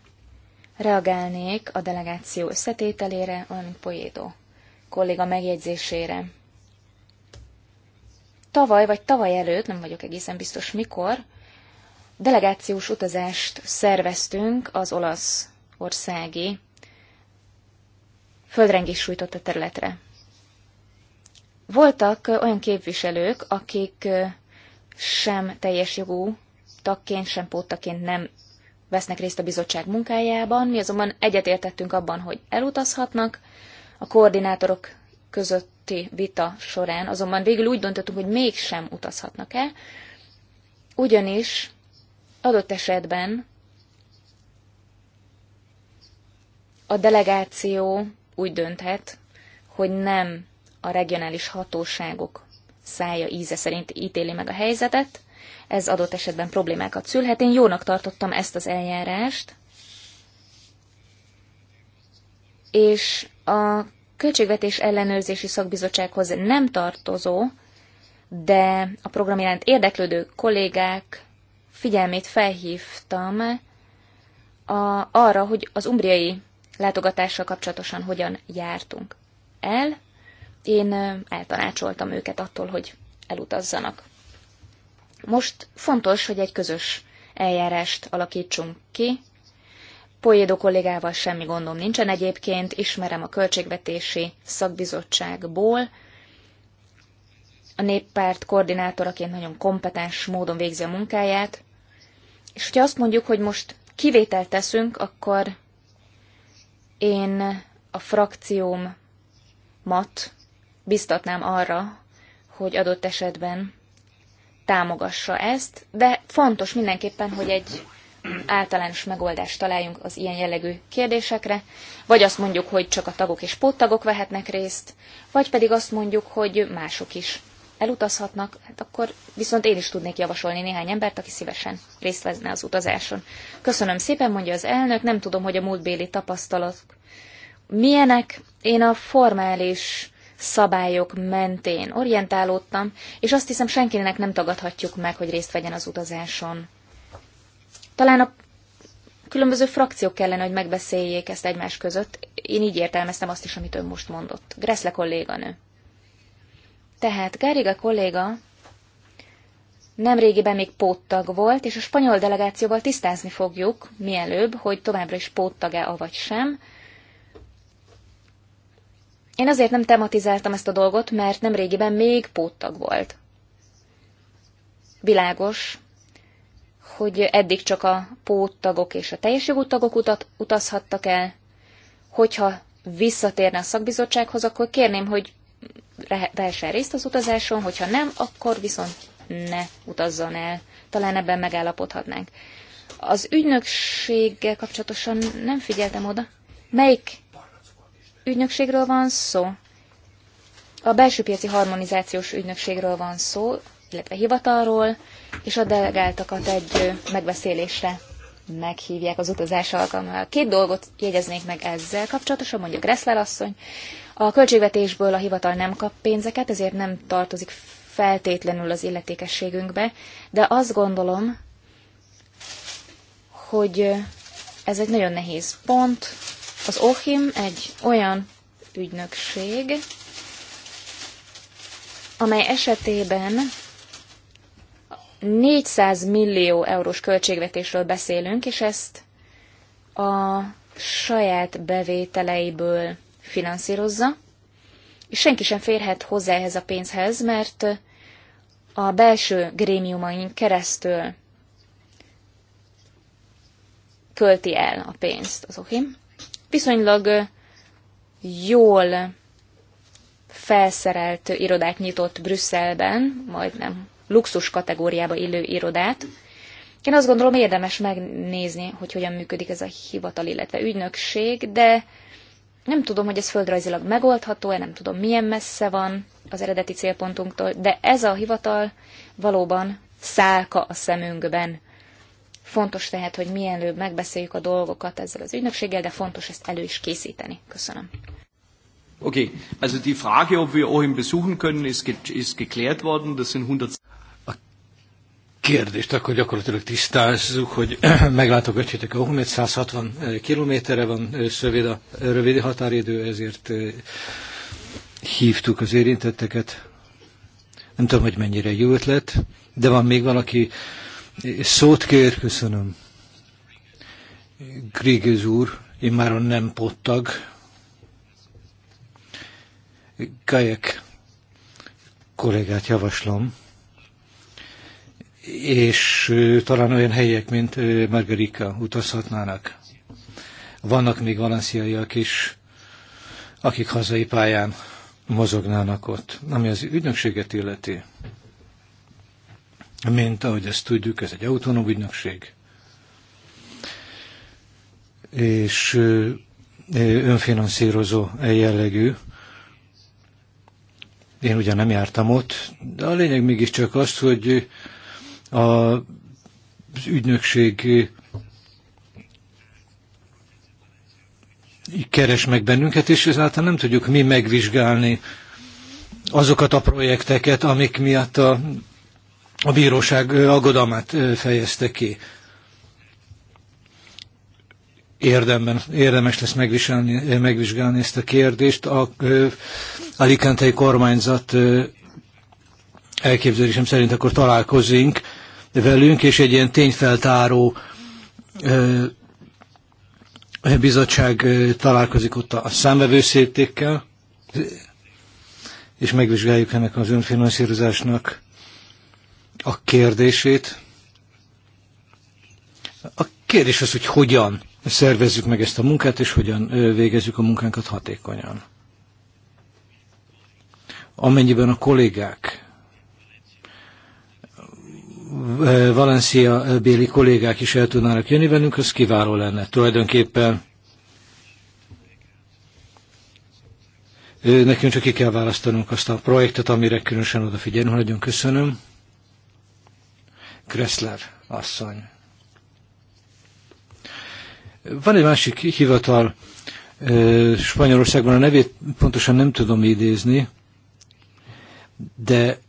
reagálnék a delegáció összetételére, valamint Poédo kolléga megjegyzésére tavaly vagy tavaly előtt, nem vagyok egészen biztos mikor, delegációs utazást szerveztünk az olasz országi földrengés sújtotta területre. Voltak olyan képviselők, akik sem teljes jogú tagként, sem póttaként nem vesznek részt a bizottság munkájában. Mi azonban egyetértettünk abban, hogy elutazhatnak, a koordinátorok közötti vita során, azonban végül úgy döntöttünk, hogy mégsem utazhatnak el, ugyanis adott esetben a delegáció úgy dönthet, hogy nem a regionális hatóságok szája íze szerint ítéli meg a helyzetet, ez adott esetben problémákat szülhet. Én jónak tartottam ezt az eljárást, és a Költségvetés ellenőrzési szakbizottsághoz nem tartozó, de a program iránt érdeklődő kollégák figyelmét felhívtam a, arra, hogy az umbriai látogatással kapcsolatosan hogyan jártunk el. Én eltanácsoltam őket attól, hogy elutazzanak. Most fontos, hogy egy közös eljárást alakítsunk ki, Poédo kollégával semmi gondom nincsen egyébként, ismerem a költségvetési szakbizottságból. A néppárt koordinátoraként nagyon kompetens módon végzi a munkáját, és hogyha azt mondjuk, hogy most kivételt teszünk, akkor én a frakciómat biztatnám arra, hogy adott esetben támogassa ezt, de fontos mindenképpen, hogy egy általános megoldást találjunk az ilyen jellegű kérdésekre, vagy azt mondjuk, hogy csak a tagok és póttagok vehetnek részt, vagy pedig azt mondjuk, hogy mások is elutazhatnak, hát akkor viszont én is tudnék javasolni néhány embert, aki szívesen részt vezne az utazáson. Köszönöm szépen, mondja az elnök, nem tudom, hogy a múltbéli tapasztalatok milyenek. Én a formális szabályok mentén orientálódtam, és azt hiszem senkinek nem tagadhatjuk meg, hogy részt vegyen az utazáson. Talán a különböző frakciók kellene, hogy megbeszéljék ezt egymás között. Én így értelmeztem azt is, amit ön most mondott. Greszle kolléganő. Tehát Gáriga kolléga nemrégiben még póttag volt, és a spanyol delegációval tisztázni fogjuk mielőbb, hogy továbbra is póttag-e, avagy sem. Én azért nem tematizáltam ezt a dolgot, mert nemrégiben még póttag volt. Világos, hogy eddig csak a póttagok és a teljes jogú tagok utat, utazhattak el. Hogyha visszatérne a szakbizottsághoz, akkor kérném, hogy vehessen részt az utazáson, hogyha nem, akkor viszont ne utazzon el. Talán ebben megállapodhatnánk. Az ügynökséggel kapcsolatosan nem figyeltem oda. Melyik ügynökségről van szó? A belső piaci harmonizációs ügynökségről van szó illetve hivatalról, és a delegáltakat egy megbeszélésre meghívják az utazás alkalmával. Két dolgot jegyeznék meg ezzel kapcsolatosan, mondja Gressler asszony. A költségvetésből a hivatal nem kap pénzeket, ezért nem tartozik feltétlenül az illetékességünkbe, de azt gondolom, hogy ez egy nagyon nehéz pont. Az OHIM egy olyan ügynökség, amely esetében 400 millió eurós költségvetésről beszélünk, és ezt a saját bevételeiből finanszírozza, és senki sem férhet hozzá ehhez a pénzhez, mert a belső grémiumain keresztül költi el a pénzt az okim. Viszonylag jól felszerelt irodát nyitott Brüsszelben, majdnem luxus kategóriába illő irodát. Én azt gondolom érdemes megnézni, hogy hogyan működik ez a hivatal, illetve ügynökség, de nem tudom, hogy ez földrajzilag megoldható-e, nem tudom, milyen messze van az eredeti célpontunktól, de ez a hivatal valóban szálka a szemünkben. Fontos tehát, hogy mielőbb megbeszéljük a dolgokat ezzel az ügynökséggel, de fontos ezt elő is készíteni. Köszönöm. Okay, also die Frage, ob wir Ohim besuchen können, ist, ge ist geklärt worden. Das sind 100 kérdést, akkor gyakorlatilag tisztázzuk, hogy meglátogatjátok a Honvéd 160 eh, kilométerre van szövéd eh, a rövid határidő, ezért eh, hívtuk az érintetteket. Nem tudom, hogy mennyire jó ötlet, de van még valaki szót kér, köszönöm. Grigez úr, én már nem pottag. Kajek kollégát javaslom és talán olyan helyek, mint Margarika utazhatnának. Vannak még valenciaiak is, akik hazai pályán mozognának ott. Ami az ügynökséget illeti, mint ahogy ezt tudjuk, ez egy autonóm ügynökség, és önfinanszírozó jellegű. Én ugyan nem jártam ott, de a lényeg mégiscsak az, hogy az ügynökség eh, keres meg bennünket, és ezáltal nem tudjuk mi megvizsgálni azokat a projekteket, amik miatt a, a bíróság eh, aggodalmát eh, fejezte ki. Érdemben, érdemes lesz megvizsgálni, ezt a kérdést. A, a Alicante kormányzat elképzelésem szerint akkor találkozunk velünk, és egy ilyen tényfeltáró bizottság találkozik ott a számvevőszétékkel, és megvizsgáljuk ennek az önfinanszírozásnak a kérdését. A kérdés az, hogy hogyan szervezzük meg ezt a munkát, és hogyan végezzük a munkánkat hatékonyan. Amennyiben a kollégák Valencia eh, béli kollégák is el tudnának jönni velünk, az kiváló lenne tulajdonképpen. Nekünk csak ki kell választanunk azt a projektet, amire különösen odafigyelni. Nagyon köszönöm. Kressler asszony. Van egy másik hivatal Spanyolországban, a nevét pontosan nem tudom idézni, de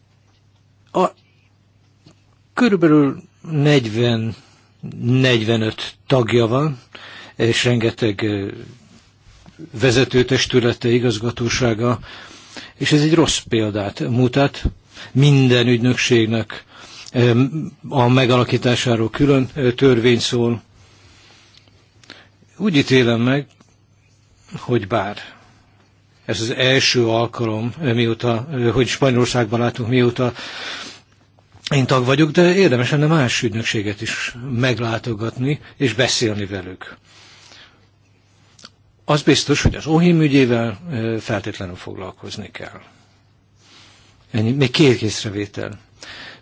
Körülbelül 40-45 tagja van, és rengeteg vezetőtestülete, igazgatósága, és ez egy rossz példát mutat minden ügynökségnek a megalakításáról külön törvény szól. Úgy ítélem meg, hogy bár ez az első alkalom, mióta, hogy Spanyolországban látunk, mióta én tag vagyok, de érdemes lenne más ügynökséget is meglátogatni és beszélni velük. Az biztos, hogy az OHIM ügyével feltétlenül foglalkozni kell. Ennyi, még két észrevétel.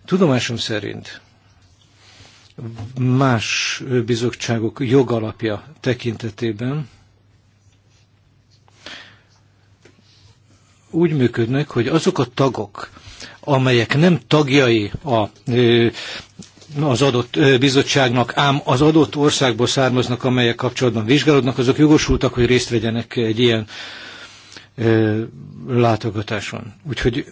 Tudomásom szerint más bizottságok jogalapja tekintetében úgy működnek, hogy azok a tagok, amelyek nem tagjai a az adott bizottságnak, ám az adott országból származnak, amelyek kapcsolatban vizsgálódnak, azok jogosultak, hogy részt vegyenek egy ilyen látogatáson. Úgyhogy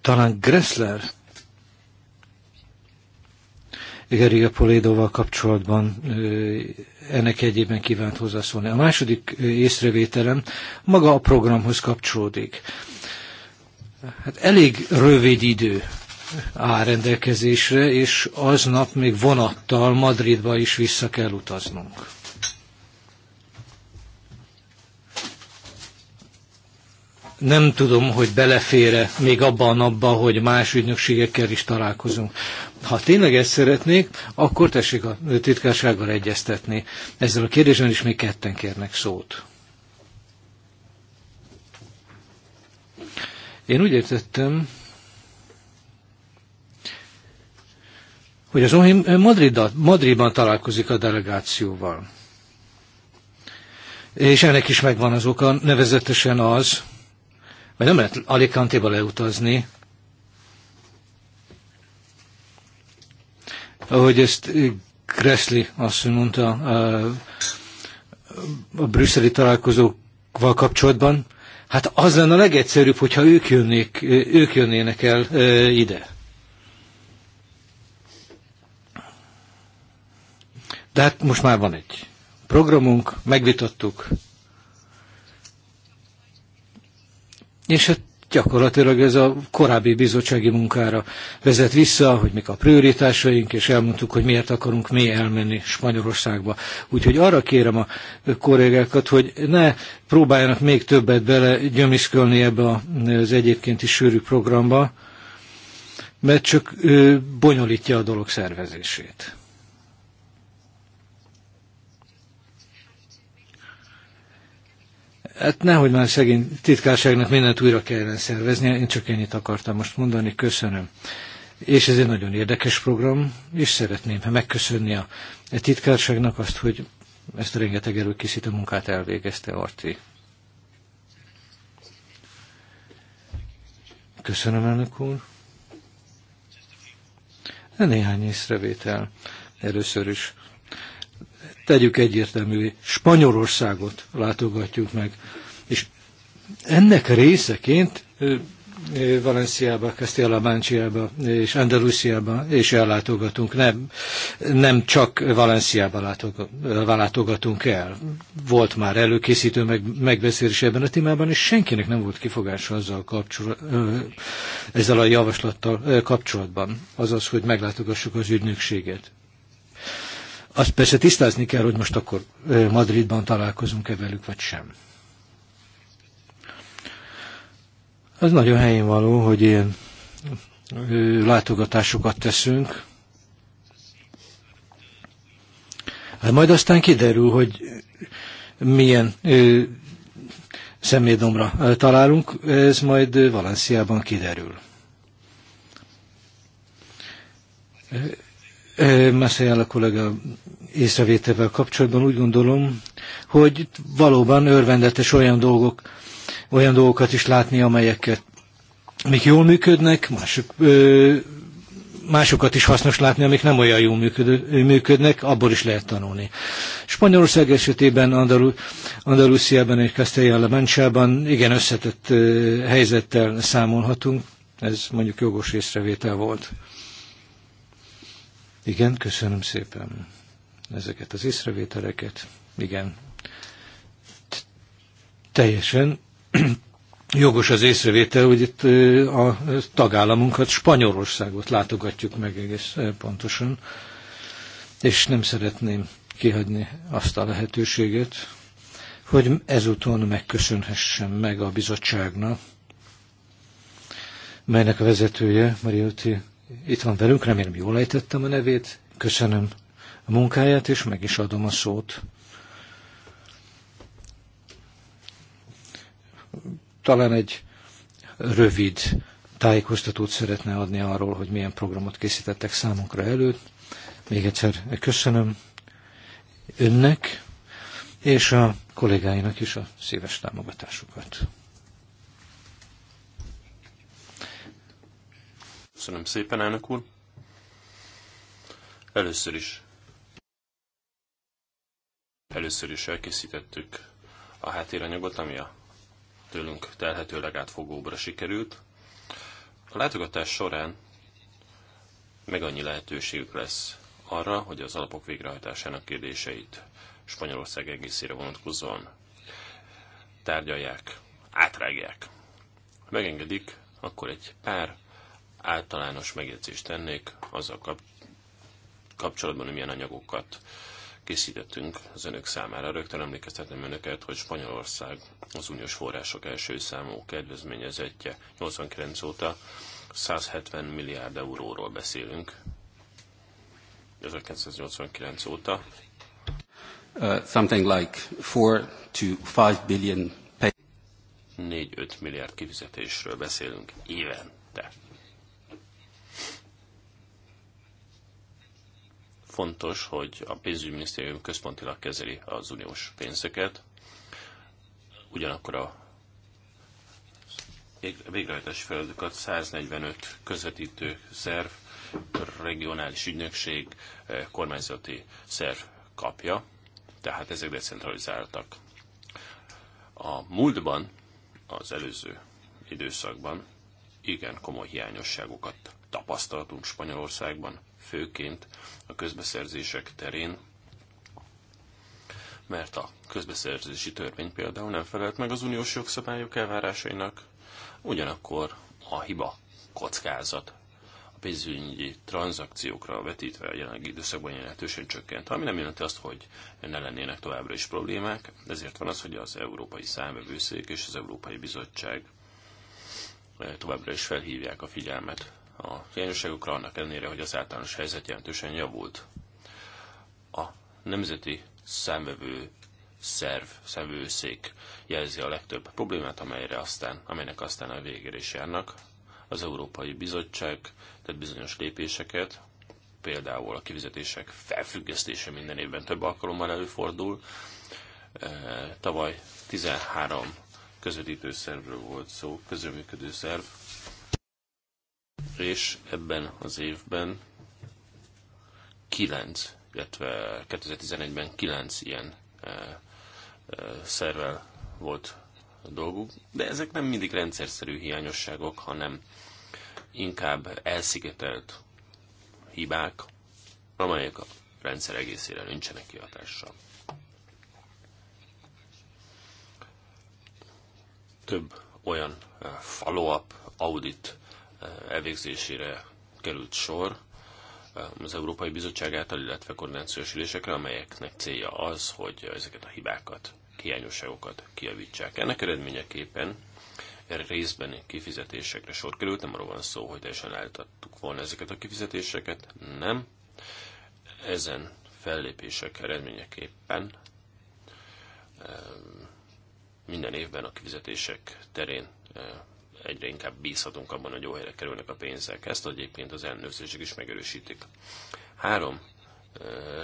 talán Gressler Geriga Polédóval kapcsolatban ennek egyében kívánt hozzászólni. A második észrevételem maga a programhoz kapcsolódik. Hát elég rövid idő áll rendelkezésre, és aznap még vonattal Madridba is vissza kell utaznunk. Nem tudom, hogy belefér-e még abban a napban, hogy más ügynökségekkel is találkozunk. Ha tényleg ezt szeretnék, akkor tessék a titkársággal egyeztetni. Ezzel a kérdésen is még ketten kérnek szót. Én úgy értettem, hogy az OHIM Madridban találkozik a delegációval. És ennek is megvan az oka, nevezetesen az, hogy nem lehet Alicante-ba leutazni, ahogy ezt Kressley azt mondta a, a brüsszeli találkozókval kapcsolatban, Hát az lenne a legegyszerűbb, hogyha ők, jönnék, ők jönnének el ide. De hát most már van egy programunk, megvitattuk. És hát gyakorlatilag ez a korábbi bizottsági munkára vezet vissza, hogy mik a prioritásaink, és elmondtuk, hogy miért akarunk mi elmenni Spanyolországba. Úgyhogy arra kérem a kollégákat, hogy ne próbáljanak még többet bele gyömiszkölni ebbe az egyébként is sűrű programba, mert csak bonyolítja a dolog szervezését. Hát nehogy már szegény titkárságnak mindent újra kellene szervezni, én csak ennyit akartam most mondani, köszönöm. És ez egy nagyon érdekes program, és szeretném megköszönni a titkárságnak azt, hogy ezt a rengeteg előkészítő munkát elvégezte Arti. Köszönöm, elnök úr. Néhány észrevétel először is tegyük egyértelművé, Spanyolországot látogatjuk meg. És ennek részeként Valenciába, Castilla Manciába és Andalusiába és ellátogatunk. Nem, nem csak Valenciába látogatunk el. Volt már előkészítő meg, megbeszélés ebben a témában, és senkinek nem volt kifogása azzal kapcsolat, ezzel a javaslattal kapcsolatban. Azaz, hogy meglátogassuk az ügynökséget. Azt persze tisztázni kell, hogy most akkor Madridban találkozunk-e velük, vagy sem. Az nagyon helyén való, hogy ilyen látogatásokat teszünk. Hát majd aztán kiderül, hogy milyen szemédomra személydomra találunk, ez majd Valenciában kiderül. Mászajál a kollega észrevételvel kapcsolatban úgy gondolom, hogy valóban örvendetes olyan dolgok, olyan dolgokat is látni, amelyeket amik jól működnek, mások, másokat is hasznos látni, amik nem olyan jól működő, működnek, abból is lehet tanulni. Spanyolország esetében, Andalu, Andalusziában és Castella Manchában igen összetett helyzettel számolhatunk, ez mondjuk jogos észrevétel volt. Igen, köszönöm szépen ezeket az észrevételeket. Igen, teljesen jogos az észrevétel, hogy itt a tagállamunkat, Spanyolországot látogatjuk meg egész pontosan, és nem szeretném kihagyni azt a lehetőséget, hogy ezúton megköszönhessem meg a bizottságnak, melynek a vezetője, Mariotti itt van velünk, remélem jól ejtettem a nevét. Köszönöm a munkáját, és meg is adom a szót. Talán egy rövid tájékoztatót szeretne adni arról, hogy milyen programot készítettek számunkra előtt. Még egyszer köszönöm önnek és a kollégáinak is a szíves támogatásukat. Köszönöm szépen, elnök úr. Először is. Először is elkészítettük a háttéranyagot, ami a tőlünk telhető legátfogóbbra sikerült. A látogatás során meg annyi lehetőségük lesz arra, hogy az alapok végrehajtásának kérdéseit Spanyolország egészére vonatkozóan tárgyalják, átrágják. Ha megengedik, akkor egy pár általános megjegyzést tennék azzal kap, kapcsolatban, hogy milyen anyagokat készítettünk az önök számára. Rögtön emlékeztetem önöket, hogy Spanyolország az uniós források első számú kedvezményezetje 89 óta 170 milliárd euróról beszélünk. 1989 óta. Uh, something like 4 to 5 billion 4-5 milliárd kifizetésről beszélünk évente. Fontos, hogy a pénzügyminisztérium központilag kezeli az uniós pénzeket, ugyanakkor a végrehajtási feladatokat 145 közvetítő szerv, regionális ügynökség, eh, kormányzati szerv kapja, tehát ezek decentralizáltak. A múltban, az előző időszakban igen komoly hiányosságokat tapasztaltunk Spanyolországban főként a közbeszerzések terén, mert a közbeszerzési törvény például nem felelt meg az uniós jogszabályok elvárásainak, ugyanakkor a hiba kockázat a pénzügyi tranzakciókra vetítve a jelenlegi időszakban jelentősen csökkent, ami nem jelenti azt, hogy ne lennének továbbra is problémák, ezért van az, hogy az Európai Számvevőszék és az Európai Bizottság eh, továbbra is felhívják a figyelmet a hiányosságokra, annak ellenére, hogy az általános helyzet jelentősen javult. A Nemzeti Számvevő szerv, Számvevőszék jelzi a legtöbb problémát, amelyre aztán, amelynek aztán a végére is járnak. Az Európai Bizottság tett bizonyos lépéseket, például a kivizetések felfüggesztése minden évben több alkalommal előfordul. E, tavaly 13 közvetítő szervről volt szó, közreműködő szerv, törekvés ebben az évben 9, illetve 2011-ben 9 ilyen eh, eh, szervel volt dolguk, de ezek nem mindig rendszerszerű hiányosságok, hanem inkább elszigetelt hibák, amelyek a rendszer egészére nincsenek kihatással. Több olyan eh, follow-up audit elvégzésére került sor az Európai Bizottság által, illetve koordinációs ülésekre, amelyeknek célja az, hogy ezeket a hibákat, hiányosságokat kijavítsák. Ennek eredményeképpen erre részben kifizetésekre sor került, nem arról van szó, hogy teljesen állítottuk volna ezeket a kifizetéseket, nem. Ezen fellépések eredményeképpen minden évben a kifizetések terén egyre inkább bízhatunk abban, hogy jó helyre kerülnek a pénzek. Ezt egyébként az ellenőrzések is megerősítik. Három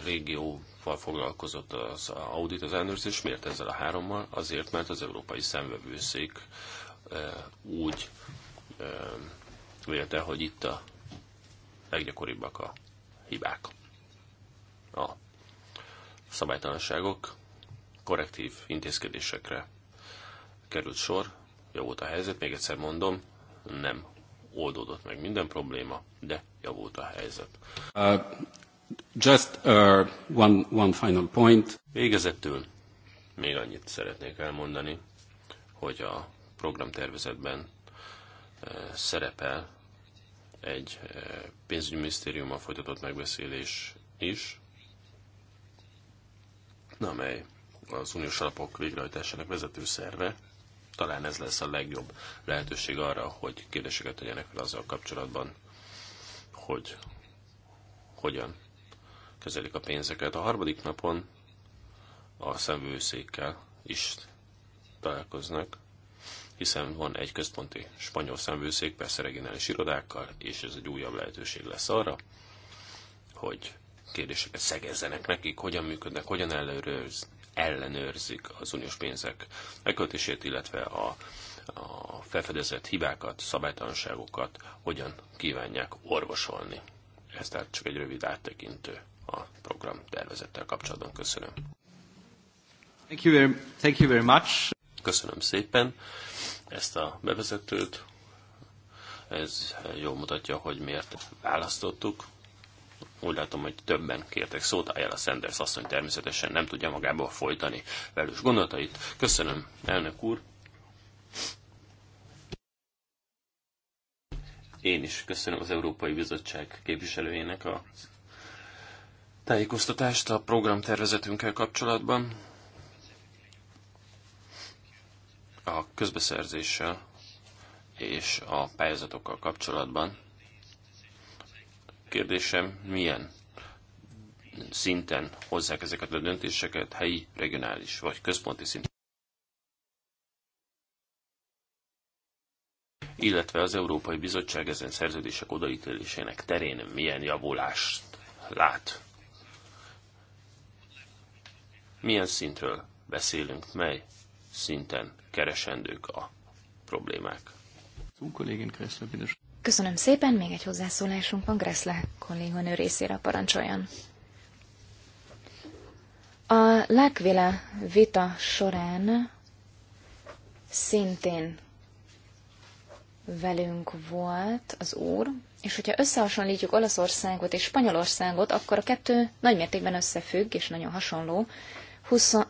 régióval foglalkozott az audit, az ellenőrzés. Miért ezzel a hárommal? Azért, mert az Európai Szemvevőszék úgy vélte, hogy itt a leggyakoribbak a hibák. A szabálytalanságok korrektív intézkedésekre került sor, javult a helyzet. Még egyszer mondom, nem oldódott meg minden probléma, de javult a helyzet. Uh, just uh, one, one final point. Végezetül még annyit szeretnék elmondani, hogy a programtervezetben uh, szerepel egy uh, pénzügyminisztériummal folytatott megbeszélés is, amely az uniós alapok végrehajtásának vezető szerve, talán ez lesz a legjobb lehetőség arra, hogy kérdéseket tegyenek fel azzal kapcsolatban, hogy hogyan kezelik a pénzeket. A harmadik napon a szemvőszékkel is találkoznak, hiszen van egy központi spanyol szemvőszék, persze regionális irodákkal, és ez egy újabb lehetőség lesz arra, hogy kérdéseket szegezzenek nekik, hogyan működnek, hogyan ellenőrz, ellenőrzik az uniós pénzek elköltését, illetve a, a felfedezett hibákat, szabálytalanságokat hogyan kívánják orvosolni. Ez tehát csak egy rövid áttekintő a program tervezettel kapcsolatban. Köszönöm. Thank you very, thank you very much. Köszönöm szépen ezt a bevezetőt. Ez jól mutatja, hogy miért választottuk úgy látom, hogy többen kértek szót, Ayala Sanders asszony természetesen nem tudja magából folytani velős gondolatait. Köszönöm, elnök úr! Én is köszönöm az Európai Bizottság képviselőjének a tájékoztatást a programtervezetünkkel kapcsolatban. A közbeszerzéssel és a pályázatokkal kapcsolatban Kérdésem, milyen szinten hozzák ezeket a döntéseket, helyi, regionális vagy központi szinten? illetve az Európai Bizottság ezen szerződések odaítélésének terén milyen javulást lát. Milyen szintről beszélünk, mely szinten keresendők a problémák? Kollégin Kressler, Köszönöm szépen, még egy hozzászólásunk van Gressle kolléganő részére parancsoljon. A Lákvile vita során szintén velünk volt az úr, és hogyha összehasonlítjuk Olaszországot és Spanyolországot, akkor a kettő nagymértékben összefügg és nagyon hasonló,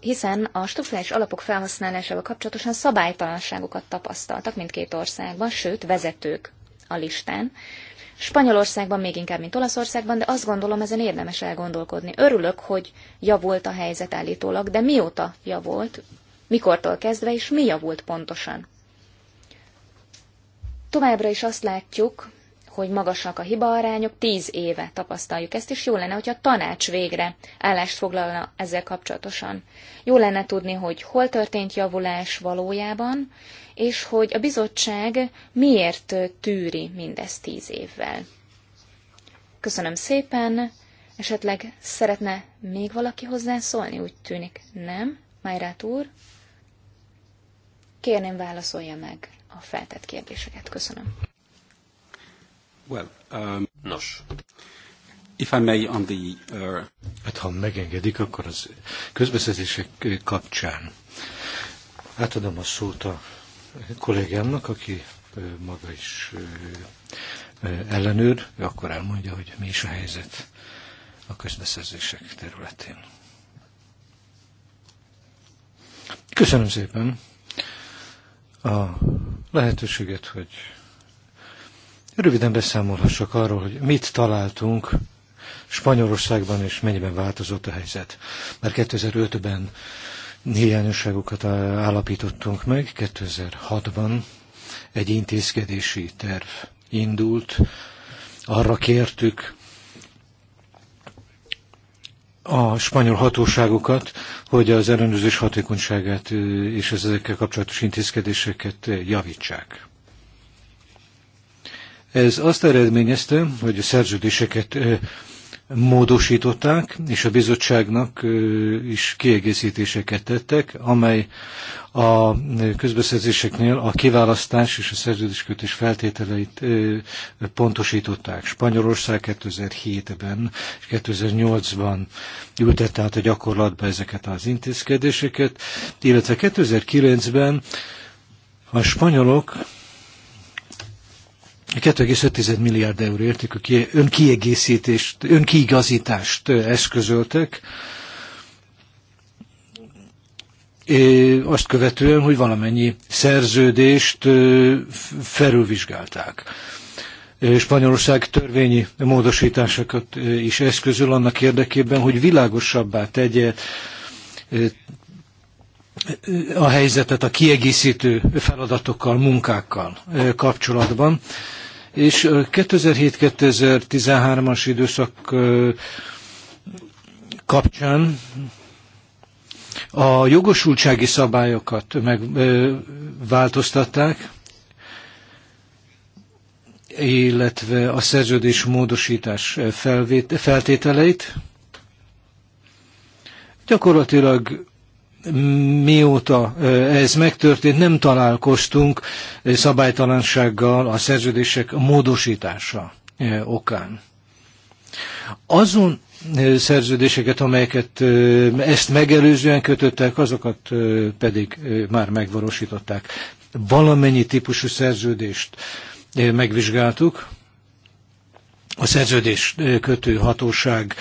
hiszen a struktúrális alapok felhasználásával kapcsolatosan szabálytalanságokat tapasztaltak mindkét országban, sőt, vezetők a listán. Spanyolországban még inkább, mint Olaszországban, de azt gondolom, ezen érdemes elgondolkodni. Örülök, hogy javult a helyzet állítólag, de mióta javult, mikortól kezdve, és mi javult pontosan? Továbbra is azt látjuk, hogy magasak a hibaarányok, tíz éve tapasztaljuk ezt, és jó lenne, hogyha a tanács végre állást foglalna ezzel kapcsolatosan. Jó lenne tudni, hogy hol történt javulás valójában, és hogy a bizottság miért tűri mindezt tíz évvel. Köszönöm szépen, esetleg szeretne még valaki hozzászólni? Úgy tűnik, nem? Májrát úr? Kérném, válaszolja meg a feltett kérdéseket. Köszönöm. Well, um, Nos. If I may on the, uh... Hát ha megengedik, akkor az közbeszerzések kapcsán átadom a szót a kollégámnak, aki maga is ellenőr, ő akkor elmondja, hogy mi is a helyzet a közbeszerzések területén. Köszönöm szépen a lehetőséget, hogy röviden beszámolhassak arról, hogy mit találtunk Spanyolországban és mennyiben változott a helyzet. Mert 2005-ben hiányosságokat eh, állapítottunk meg. 2006-ban egy intézkedési terv indult. Arra kértük a spanyol hatóságokat, hogy az ellenőrzés hatékonyságát eh, és az ezekkel kapcsolatos intézkedéseket eh, javítsák. Ez azt eredményezte, hogy a szerződéseket módosították, és a bizottságnak is kiegészítéseket tettek, amely a közbeszerzéseknél a kiválasztás és a szerződéskötés feltételeit pontosították. Spanyolország 2007-ben és 2008-ban ültette át a gyakorlatba ezeket az intézkedéseket, illetve 2009-ben a spanyolok 2,5 milliárd euró értékű önkiegészítést, önkiigazítást eszközöltek, azt követően, hogy valamennyi szerződést felülvizsgálták. Spanyolország törvényi módosításokat is eszközöl annak érdekében, hogy világosabbá tegye a helyzetet a kiegészítő feladatokkal, munkákkal kapcsolatban. És 2007-2013-as időszak kapcsán a jogosultsági szabályokat megváltoztatták, illetve a szerződés módosítás felvét, feltételeit. Gyakorlatilag mióta ez megtörtént, nem találkoztunk szabálytalansággal a szerződések módosítása okán. Azon szerződéseket, amelyeket ezt megelőzően kötöttek, azokat pedig már megvalósították. Valamennyi típusú szerződést megvizsgáltuk. A szerződés kötő hatóság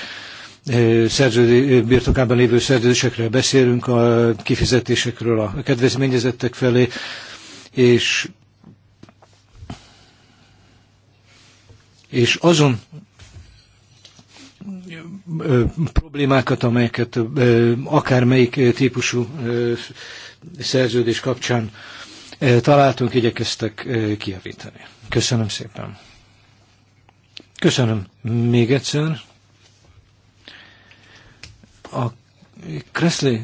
szerződő, birtokában lévő szerződésekről beszélünk, a kifizetésekről a kedvezményezettek felé, és, és azon problémákat, amelyeket akár melyik típusú szerződés kapcsán találtunk, igyekeztek kijavítani. Köszönöm szépen. Köszönöm még egyszer. A Kressley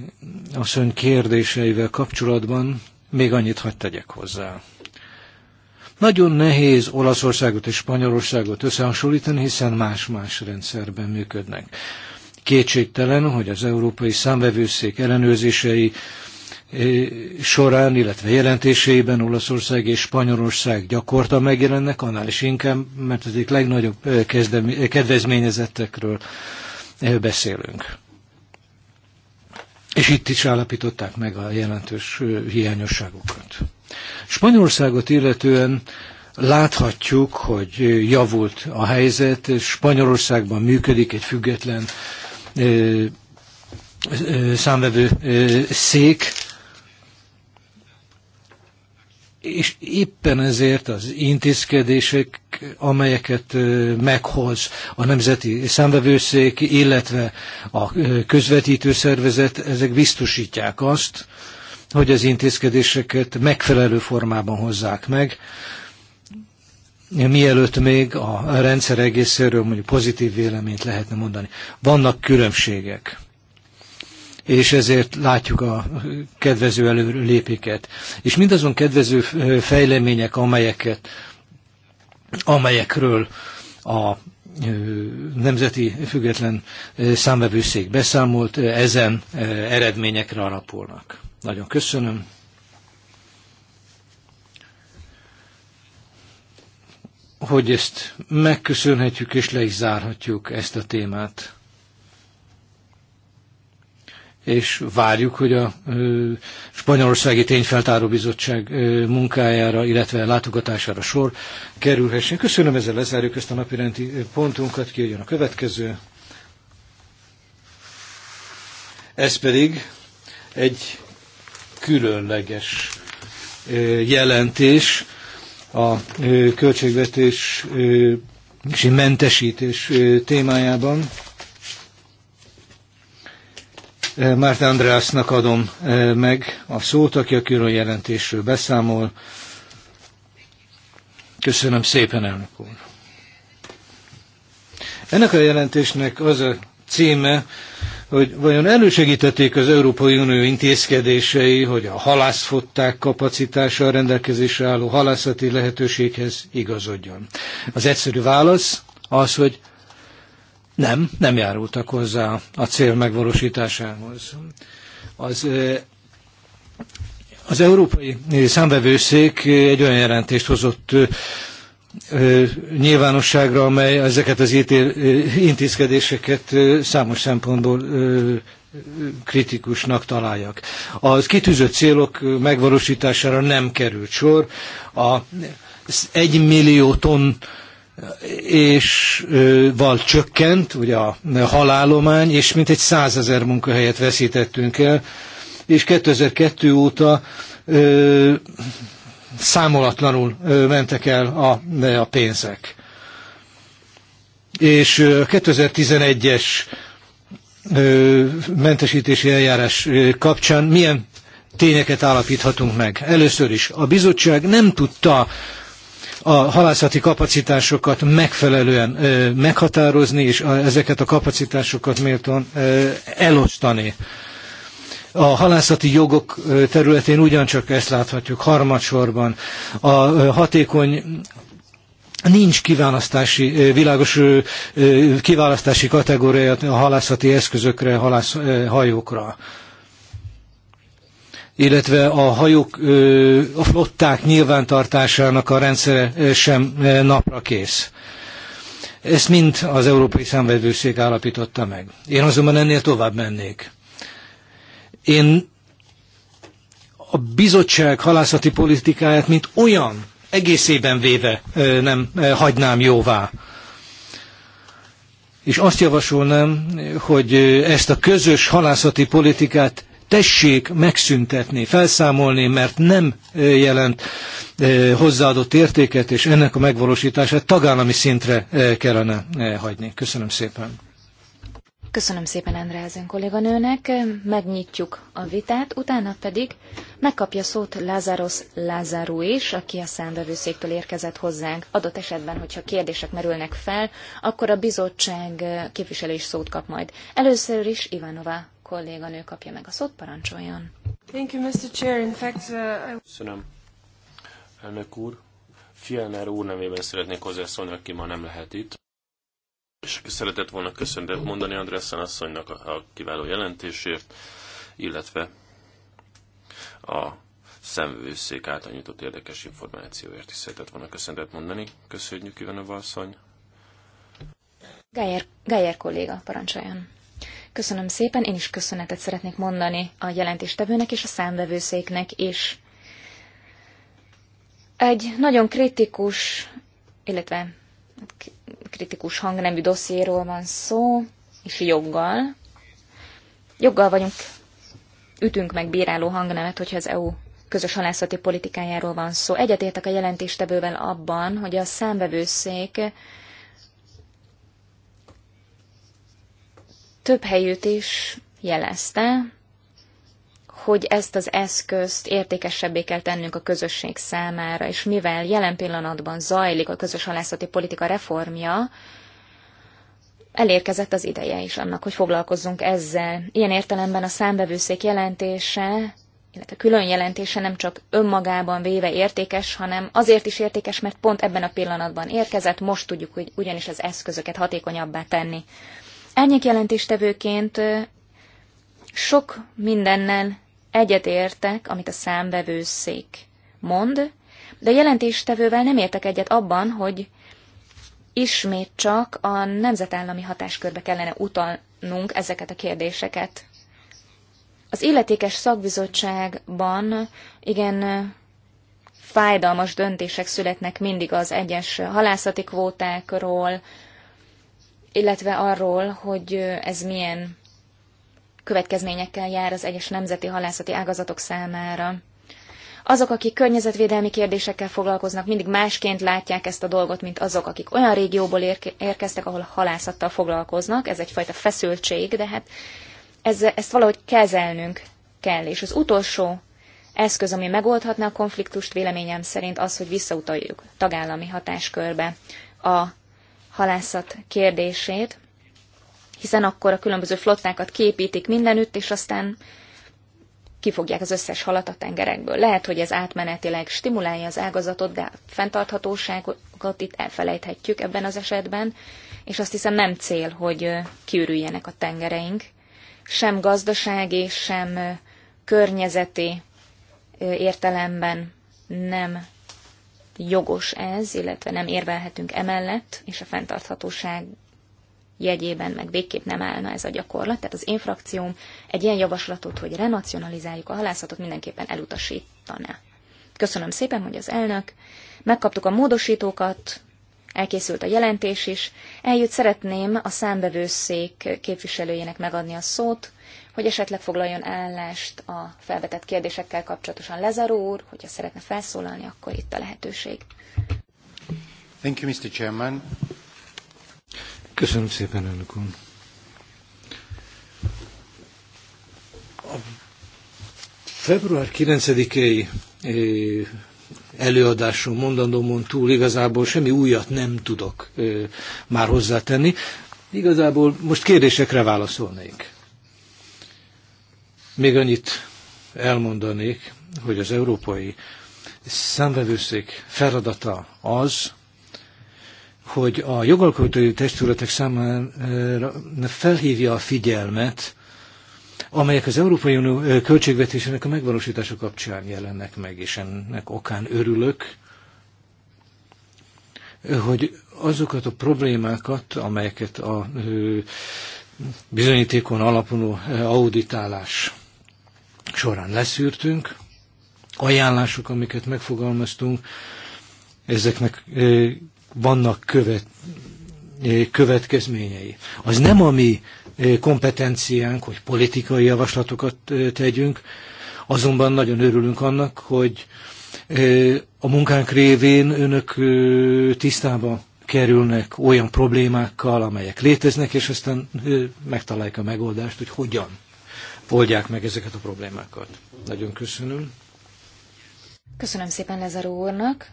asszony kérdéseivel kapcsolatban még annyit hagyd tegyek hozzá. Nagyon nehéz Olaszországot és Spanyolországot összehasonlítani, hiszen más-más rendszerben működnek. Kétségtelen, hogy az Európai Számvevőszék ellenőrzései eh, során, illetve jelentéseiben Olaszország és Spanyolország gyakorta megjelennek, annál is inkább, mert az egyik legnagyobb eh, kedvezményezettekről eh, beszélünk és itt is állapították meg a jelentős hiányosságokat. Spanyolországot illetően láthatjuk, hogy javult a helyzet, és Spanyolországban működik egy független számvevő szék, és éppen ezért az intézkedések, amelyeket meghoz a Nemzeti Számvevőszék, illetve a közvetítő szervezet, ezek biztosítják azt, hogy az intézkedéseket megfelelő formában hozzák meg, mielőtt még a rendszer egészéről mondjuk pozitív véleményt lehetne mondani. Vannak különbségek és ezért látjuk a kedvező előlépéket. És mindazon kedvező fejlemények, amelyeket, amelyekről a Nemzeti Független Számvevőszék beszámolt, ezen eredményekre alapulnak. Nagyon köszönöm. hogy ezt megköszönhetjük és le is zárhatjuk ezt a témát és várjuk, hogy a Spanyolországi Tényfeltáró Bizottság munkájára, illetve látogatására sor kerülhessen. Köszönöm, ezzel lezárjuk ezt a napirendi pontunkat, kijöjjön a következő. Ez pedig egy különleges jelentés a költségvetési mentesítés témájában. Márta Andreasnak adom meg a szót, aki a külön jelentésről beszámol. Köszönöm szépen, elnök úr. Ennek a jelentésnek az a címe, hogy vajon elősegítették az Európai Unió intézkedései, hogy a halászfották kapacitása a rendelkezésre álló halászati lehetőséghez igazodjon. Az egyszerű válasz az, hogy nem, nem járultak hozzá a cél megvalósításához. Az, az Európai Számvevőszék egy olyan jelentést hozott nyilvánosságra, amely ezeket az intézkedéseket számos szempontból kritikusnak találjak. Az kitűzött célok megvalósítására nem került sor. A 1 millió tonn és val csökkent, ugye a halálomány, és mintegy százezer munkahelyet veszítettünk el, és 2002 óta ö, számolatlanul ö, mentek el a, a pénzek. És 2011-es mentesítési eljárás kapcsán milyen tényeket állapíthatunk meg. Először is a bizottság nem tudta a halászati kapacitásokat megfelelően meghatározni, és ezeket a kapacitásokat méltóan elosztani. A halászati jogok területén ugyancsak ezt láthatjuk harmadsorban. A hatékony nincs kiválasztási, világos kiválasztási kategóriája a halászati eszközökre, halászhajókra illetve a hajók, a flották nyilvántartásának a rendszere sem napra kész. Ezt mind az Európai Számvevőszék állapította meg. Én azonban ennél tovább mennék. Én a bizottság halászati politikáját, mint olyan egészében véve nem hagynám jóvá. És azt javasolnám, hogy ezt a közös halászati politikát tessék megszüntetni, felszámolni, mert nem jelent hozzáadott értéket, és ennek a megvalósítását tagállami szintre kellene hagyni. Köszönöm szépen. Köszönöm szépen Andrázen kolléganőnek, megnyitjuk a vitát, utána pedig megkapja szót Lázaros Lázáró is, aki a számbevőszéktől érkezett hozzánk. Adott esetben, hogyha kérdések merülnek fel, akkor a bizottság képviselő is szót kap majd. Először is Ivanova kolléganő kapja meg a szót, parancsoljon. Thank you, Mr. Chair. In fact, uh, I... Köszönöm. Elnök úr, Fianer úr nevében szeretnék hozzászólni, aki ma nem lehet itt. És szeretett volna köszöntet mondani Andrészen asszonynak a, a kiváló jelentésért, illetve a szemvőszék által nyitott érdekes információért is szeretett volna köszöntet mondani. Köszönjük, Ivanova asszony. Geyer, Geyer kolléga, parancsoljon. Köszönöm szépen, én is köszönetet szeretnék mondani a jelentéstevőnek és a számvevőszéknek is. Egy nagyon kritikus, illetve kritikus hangnemű dossziéról van szó, és joggal. Joggal vagyunk, ütünk meg bíráló hangnemet, hogyha az EU közös halászati politikájáról van szó. Egyetértek a jelentéstevővel abban, hogy a számvevőszék több helyütt is jelezte, hogy ezt az eszközt értékesebbé kell tennünk a közösség számára, és mivel jelen pillanatban zajlik a közös halászati politika reformja, elérkezett az ideje is annak, hogy foglalkozzunk ezzel. Ilyen értelemben a számbevőszék jelentése, illetve külön jelentése nem csak önmagában véve értékes, hanem azért is értékes, mert pont ebben a pillanatban érkezett, most tudjuk hogy ugyanis az eszközöket hatékonyabbá tenni. Árnyék jelentéstevőként sok mindennel egyetértek, amit a számbevőszék mond, de a jelentéstevővel nem értek egyet abban, hogy ismét csak a nemzetállami hatáskörbe kellene utalnunk ezeket a kérdéseket. Az illetékes szakbizottságban igen fájdalmas döntések születnek mindig az egyes halászati kvótákról, illetve arról, hogy ez milyen következményekkel jár az egyes nemzeti halászati ágazatok számára. Azok, akik környezetvédelmi kérdésekkel foglalkoznak, mindig másként látják ezt a dolgot, mint azok, akik olyan régióból érkeztek, ahol halászattal foglalkoznak. Ez egyfajta feszültség, de hát ez, ezt valahogy kezelnünk kell. És az utolsó eszköz, ami megoldhatná a konfliktust, véleményem szerint az, hogy visszautaljuk tagállami hatáskörbe a halászat kérdését, hiszen akkor a különböző flottákat képítik mindenütt, és aztán kifogják az összes halat a tengerekből. Lehet, hogy ez átmenetileg stimulálja az ágazatot, de a fenntarthatóságot itt elfelejthetjük ebben az esetben, és azt hiszem nem cél, hogy kiürüljenek a tengereink. Sem gazdasági, sem környezeti értelemben nem jogos ez, illetve nem érvelhetünk emellett, és a fenntarthatóság jegyében meg végképp nem állna ez a gyakorlat. Tehát az én frakcióm egy ilyen javaslatot, hogy renacionalizáljuk a halászatot, mindenképpen elutasítaná. Köszönöm szépen, hogy az elnök. Megkaptuk a módosítókat, elkészült a jelentés is. Eljött szeretném a számbevőszék képviselőjének megadni a szót, hogy esetleg foglaljon állást a felvetett kérdésekkel kapcsolatosan Lezaró úr, hogyha szeretne felszólalni, akkor itt a lehetőség. Thank you, Mr. Chairman. Köszönöm szépen, elnök úr. A február 9-i eh, előadásom, mondandómon túl igazából semmi újat nem tudok eh, már hozzátenni. Igazából most kérdésekre válaszolnék. Még annyit elmondanék, hogy az európai számvevőszék feladata az, hogy a jogalkotói testületek számára felhívja a figyelmet, amelyek az Európai Unió költségvetésének a megvalósítása kapcsán jelennek meg, és ennek okán örülök, hogy azokat a problémákat, amelyeket a bizonyítékon alapuló auditálás során leszűrtünk, ajánlások, amiket megfogalmaztunk, ezeknek vannak követ, következményei. Az nem a mi kompetenciánk, hogy politikai javaslatokat tegyünk, azonban nagyon örülünk annak, hogy a munkánk révén önök tisztába kerülnek olyan problémákkal, amelyek léteznek, és aztán megtalálják a megoldást, hogy hogyan oldják meg ezeket a problémákat. Nagyon köszönöm. Köszönöm szépen Lezaró úrnak.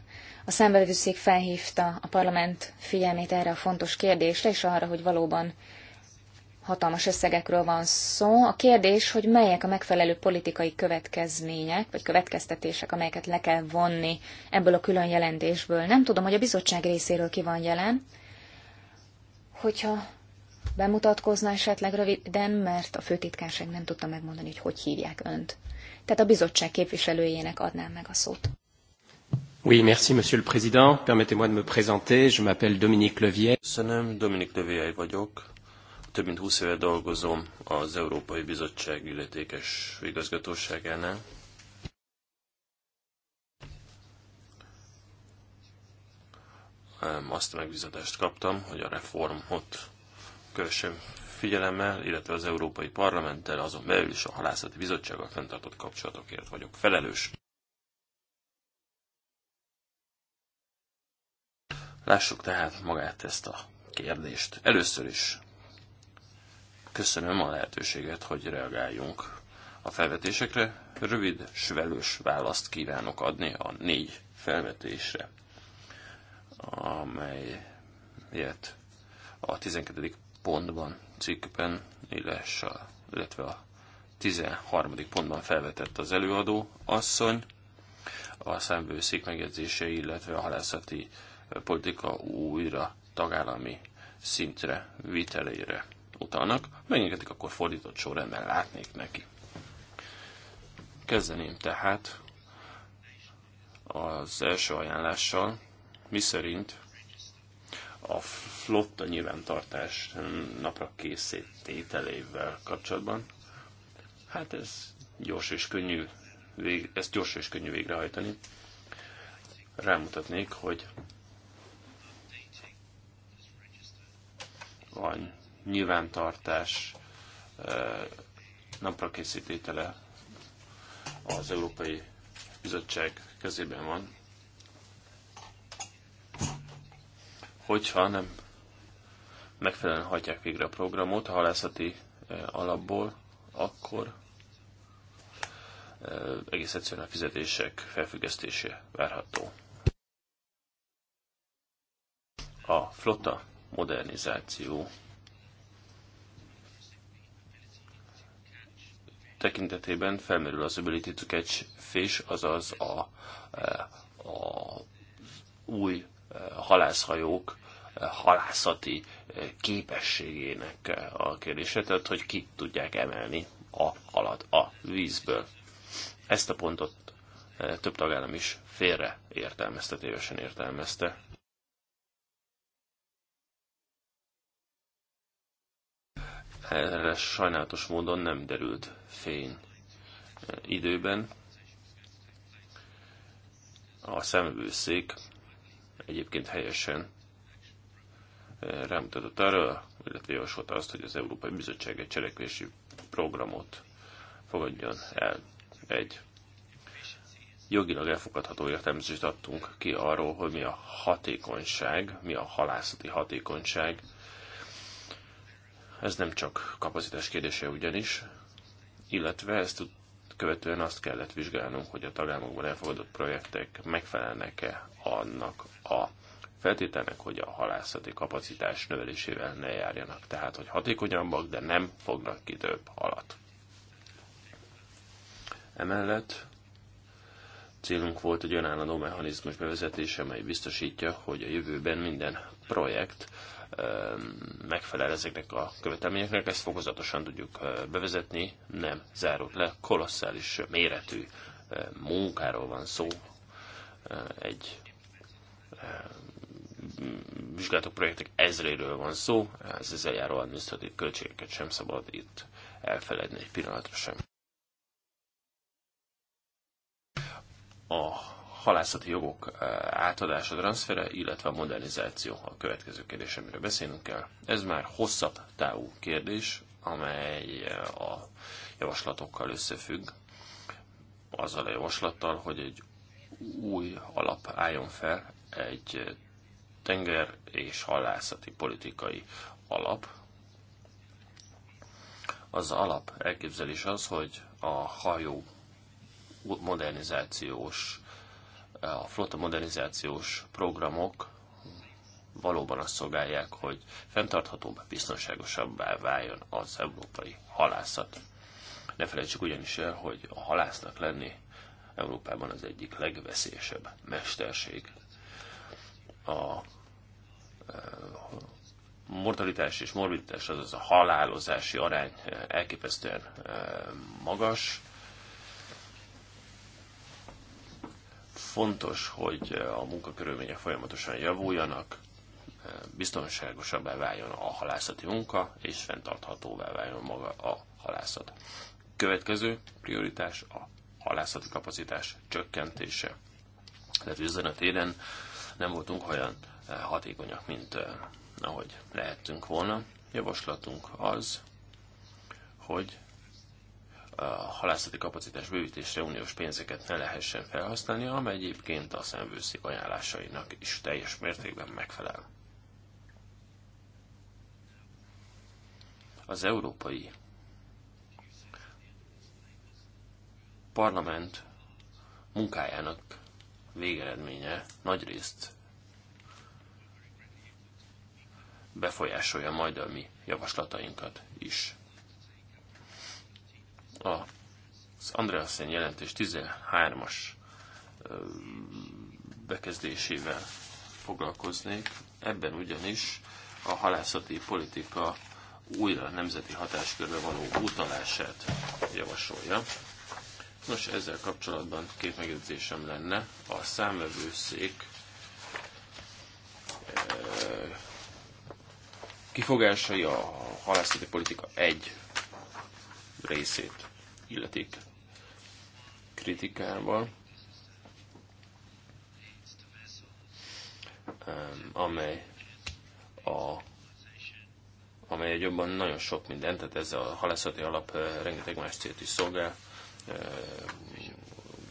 A számbevőszék felhívta a parlament figyelmét erre a fontos kérdésre, és arra, hogy valóban hatalmas összegekről van szó. A kérdés, hogy melyek a megfelelő politikai következmények, vagy következtetések, amelyeket le kell vonni ebből a külön jelentésből. Nem tudom, hogy a bizottság részéről ki van jelen. Hogyha bemutatkozna esetleg röviden, mert a főtitkárság nem tudta megmondani, hogy hogy hívják önt. Tehát a bizottság képviselőjének adnám meg a szót. Oui, merci, monsieur le président. Permettez-moi de me présenter. Je m'appelle Dominique Levier. Köszönöm, Dominique Levier vagyok. Több mint 20 éve dolgozom az Európai Bizottság illetékes igazgatóságánál. Azt a megbizatást kaptam, hogy a reformot kövessem figyelemmel, illetve az Európai Parlamenttel, azon belül is a Halászati Bizottsággal fenntartott kapcsolatokért vagyok felelős. Lássuk tehát magát ezt a kérdést. Először is köszönöm a lehetőséget, hogy reagáljunk a felvetésekre. Rövid, svelős választ kívánok adni a négy felvetésre, amelyet a 12 pontban, cikkben, illetve a 13. pontban felvetett az előadó asszony, a számbőszék megjegyzései, illetve a halászati politika újra tagállami szintre vitelére utalnak. Megengedik, akkor fordított sorrendben látnék neki. Kezdeném tehát az első ajánlással, miszerint a flotta nyilvántartás napra készítételével kapcsolatban. Hát ez gyors és könnyű, vég, ezt gyors és könnyű végrehajtani. Rámutatnék, hogy a nyilvántartás napra készítétele az Európai Bizottság kezében van, hogyha nem megfelelően hagyják végre a programot a halászati e, alapból, akkor e, egész egyszerűen a fizetések felfüggesztése várható. A flotta modernizáció tekintetében felmerül az ability to catch fish, azaz a, a, e, a új halászhajók halászati eh, képességének eh, a kérdése, tehát hogy ki tudják emelni a halat a vízből. Ezt a pontot eh, több tagállam is félre értelmezte, tévesen értelmezte. Erre sajnálatos módon nem derült fény időben. A szemvőszék egyébként helyesen rámutatott arra, illetve javasolta azt, hogy az Európai Bizottság egy cselekvési programot fogadjon el. Egy jogilag elfogadható értelmezést adtunk ki arról, hogy mi a hatékonyság, mi a halászati hatékonyság. Ez nem csak kapacitás kérdése ugyanis, illetve ezt követően azt kellett vizsgálnunk, hogy a tagállamokban elfogadott projektek megfelelnek-e annak a feltételnek, hogy a halászati kapacitás növelésével ne járjanak. Tehát, hogy hatékonyabbak, de nem fognak ki több halat. Emellett célunk volt egy önállandó mechanizmus bevezetése, amely biztosítja, hogy a jövőben minden projekt megfelel ezeknek a követelményeknek, ezt fokozatosan tudjuk bevezetni, nem zárult le, kolosszális méretű munkáról van szó, egy vizsgálatok projektek ezréről van szó, ez ezzel járó adminisztratív költségeket sem szabad itt elfeledni egy pillanatra sem. A halászati jogok eh, átadása, transfere, illetve a modernizáció a következő kérdés, amiről beszélnünk kell. Ez már hosszabb távú kérdés, amely eh, a javaslatokkal összefügg, azzal a javaslattal, hogy egy új alap álljon fel, egy tenger és halászati politikai alap. Az alap elképzelés az, hogy a hajó modernizációs, a flotta modernizációs programok valóban azt szolgálják, hogy fenntarthatóbb, biztonságosabbá váljon az európai halászat. Ne felejtsük ugyanis el, hogy a halásznak lenni Európában az egyik legveszélyesebb mesterség a mortalitás és morbiditás, azaz a halálozási arány e, elképesztően e, magas. Fontos, hogy e, a munkakörülmények folyamatosan javuljanak, biztonságosabbá váljon a halászati munka, és fenntarthatóvá váljon maga a halászat. Következő prioritás a halászati kapacitás csökkentése. Tehát üzenetéren nem voltunk olyan eh, hatékonyak, mint eh, ahogy lehettünk volna. Javaslatunk az, hogy eh, a halászati kapacitás bővítésre uniós pénzeket ne lehessen felhasználni, amely egyébként a szemvőszék ajánlásainak is teljes mértékben megfelel. Az európai parlament munkájának végeredménye nagyrészt befolyásolja majd a mi javaslatainkat is. Az Andreasen jelentés 13-as bekezdésével foglalkoznék. Ebben ugyanis a halászati politika újra nemzeti hatáskörbe való utalását javasolja. Nos, ezzel kapcsolatban két megjegyzésem lenne. A számövőszék eh, kifogásai a halászati politika egy részét illetik kritikával, amely a amely egy jobban nagyon sok mindent, tehát ez a halászati alap eh, rengeteg más célt is szolgál,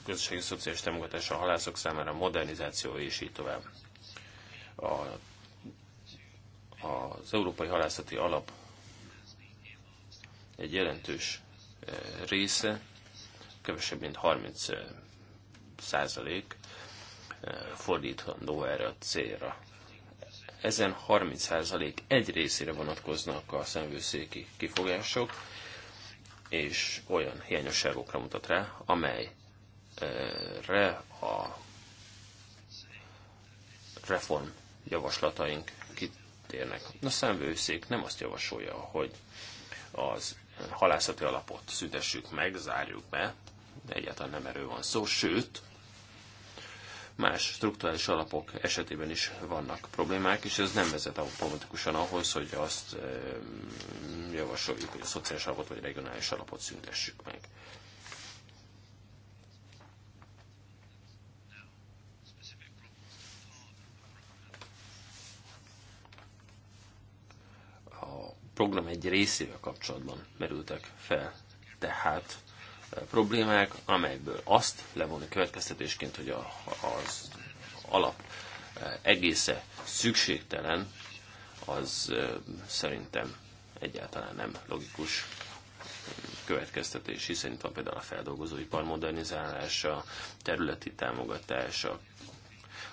közösségi szociális támogatása a halászok számára, modernizáció és így tovább. A, az Európai Halászati Alap egy jelentős része, kevesebb mint 30 százalék fordítandó erre a célra. Ezen 30% százalék egy részére vonatkoznak a szemvőszéki kifogások, és olyan hiányosságokra mutat rá, amelyre a reform javaslataink kitérnek. A szemvőszék nem azt javasolja, hogy az halászati alapot szüntessük meg, zárjuk be, de egyáltalán nem erről van szó, sőt, más struktúrális alapok esetében is vannak problémák, és ez nem vezet automatikusan ahhoz, hogy azt eh, javasoljuk, hogy a szociális alapot vagy regionális alapot szüntessük meg. A program egy részével kapcsolatban merültek fel tehát problémák, amelyekből azt levonni következtetésként, hogy a az alap eh, egésze szükségtelen, az eh, szerintem egyáltalán nem logikus következtetés, hiszen itt van például a feldolgozóipar modernizálása, területi támogatása,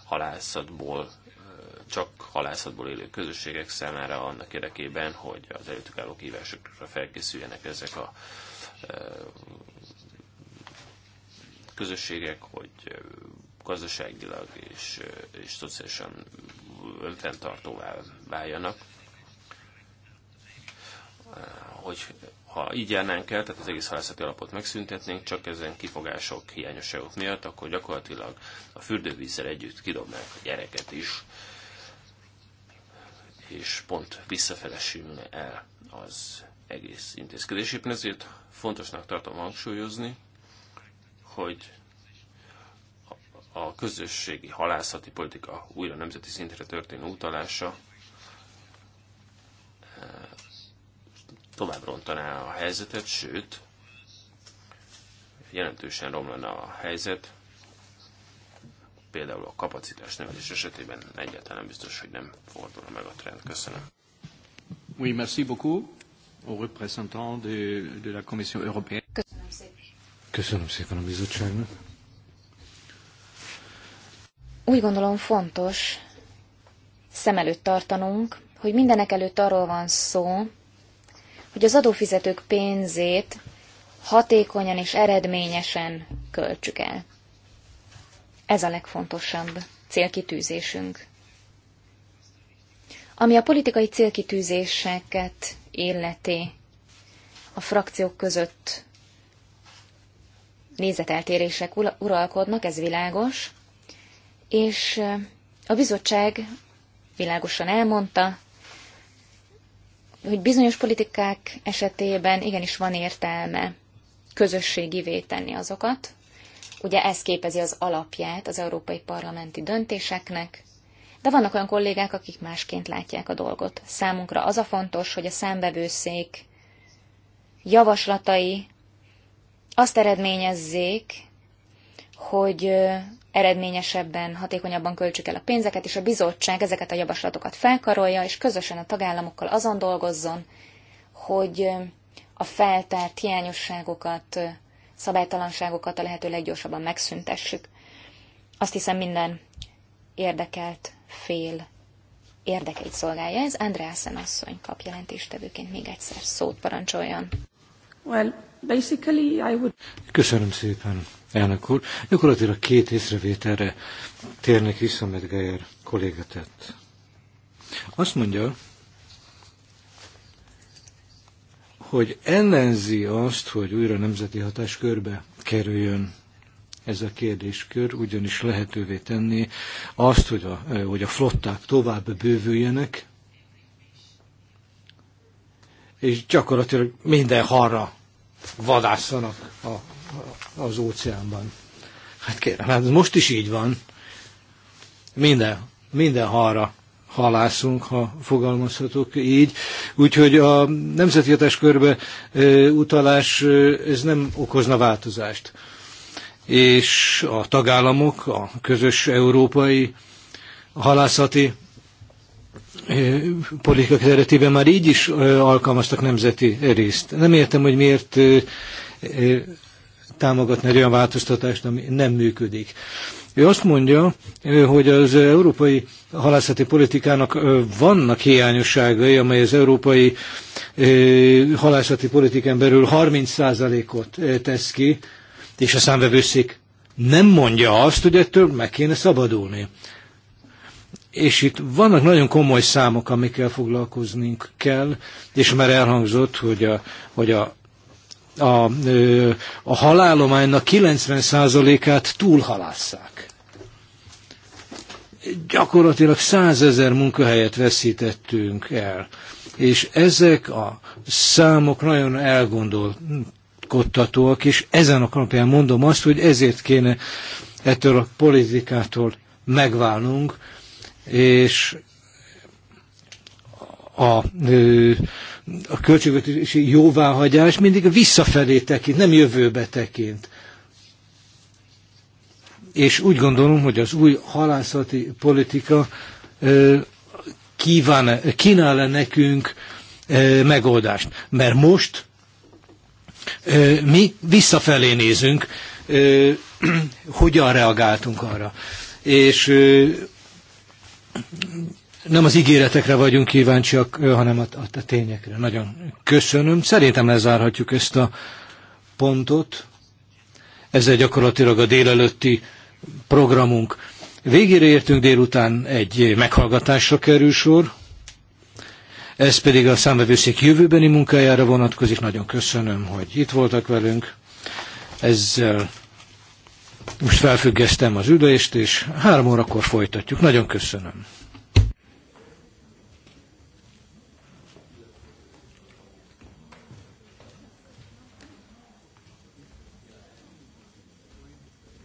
halászatból, eh, csak halászatból élő közösségek számára annak érdekében, hogy az előttük álló kívásokra felkészüljenek ezek a közösségek, hogy gazdaságilag és, és szociálisan fenntartóvá váljanak. Hogy ha így járnánk el, tehát az egész halászati alapot megszüntetnénk, csak ezen kifogások, hiányosságok miatt, akkor gyakorlatilag a fürdővízzel együtt kidobnánk a gyereket is, és pont visszafelesülne el az egész intézkedés. Éppen ezért fontosnak tartom hangsúlyozni, hogy a közösségi halászati politika újra nemzeti szintre történő utalása eh, tovább rontaná a helyzetet, sőt, jelentősen romlana a helyzet, például a kapacitás növelés esetében egyáltalán nem biztos, hogy nem fordul meg a trend. Köszönöm. Oui, merci beaucoup au représentant de, de la Commission européenne. Köszönöm szépen. Köszönöm szépen a bizottságnak. Úgy gondolom fontos szem előtt tartanunk, hogy mindenek előtt arról van szó, hogy az adófizetők pénzét hatékonyan és eredményesen költsük el. Ez a legfontosabb célkitűzésünk. Ami a politikai célkitűzéseket illeti, a frakciók között nézeteltérések uralkodnak, ez világos, és a bizottság világosan elmondta, hogy bizonyos politikák esetében igenis van értelme közösségivé tenni azokat. Ugye ez képezi az alapját az európai parlamenti döntéseknek, de vannak olyan kollégák, akik másként látják a dolgot. Számunkra az a fontos, hogy a számbevőszék javaslatai azt eredményezzék, hogy eredményesebben, hatékonyabban költsük el a pénzeket, és a bizottság ezeket a javaslatokat felkarolja, és közösen a tagállamokkal azon dolgozzon, hogy a feltárt hiányosságokat, szabálytalanságokat a lehető leggyorsabban megszüntessük. Azt hiszem minden érdekelt fél érdekeit szolgálja. Ez Andreasen asszony kap jelentéstevőként még egyszer szót parancsoljon. Well, Basically, I would... Köszönöm szépen, elnök úr. Gyakorlatilag két észrevételre térnek vissza, amit Geyer kolléga tett. Azt mondja, hogy ellenzi azt, hogy újra nemzeti hatáskörbe kerüljön ez a kérdéskör, ugyanis lehetővé tenni azt, hogy a, hogy a flották tovább bővüljenek, és gyakorlatilag minden harra vadászanak a, a, az óceánban. Hát kérem, hát most is így van. Minden, minden halra halászunk, ha fogalmazhatok így. Úgyhogy a nemzeti hatáskörbe utalás, ez nem okozna változást. És a tagállamok, a közös európai halászati politika keretében már így is alkalmaztak nemzeti részt. Nem értem, hogy miért támogatni egy olyan változtatást, ami nem működik. Ő azt mondja, hogy az európai halászati politikának vannak hiányosságai, amely az európai halászati politikán belül 30%-ot tesz ki, és a számvevőszék nem mondja azt, hogy ettől meg kéne szabadulni és itt vannak nagyon komoly számok, amikkel foglalkoznunk kell, és már elhangzott, hogy a, hogy a a, a halálománynak 90%-át túlhalásszák. Gyakorlatilag százezer munkahelyet veszítettünk el, és ezek a számok nagyon elgondolkodtatóak, és ezen a alapján mondom azt, hogy ezért kéne ettől a politikától megválnunk, és a, a költségvetési jóváhagyás mindig visszafelé tekint, nem jövőbe tekint. És úgy gondolom, hogy az új halászati politika kíván, kínál -e nekünk megoldást. Mert most mi visszafelé nézünk, hogyan reagáltunk arra. És nem az ígéretekre vagyunk kíváncsiak, hanem a, a tényekre. Nagyon köszönöm. Szerintem lezárhatjuk ezt a pontot. Ezzel gyakorlatilag a délelőtti programunk. Végére értünk délután egy meghallgatásra kerül sor. Ez pedig a számvevőszék jövőbeni munkájára vonatkozik. Nagyon köszönöm, hogy itt voltak velünk. Ezzel most felfüggesztem az ülést, és három órakor folytatjuk. Nagyon köszönöm.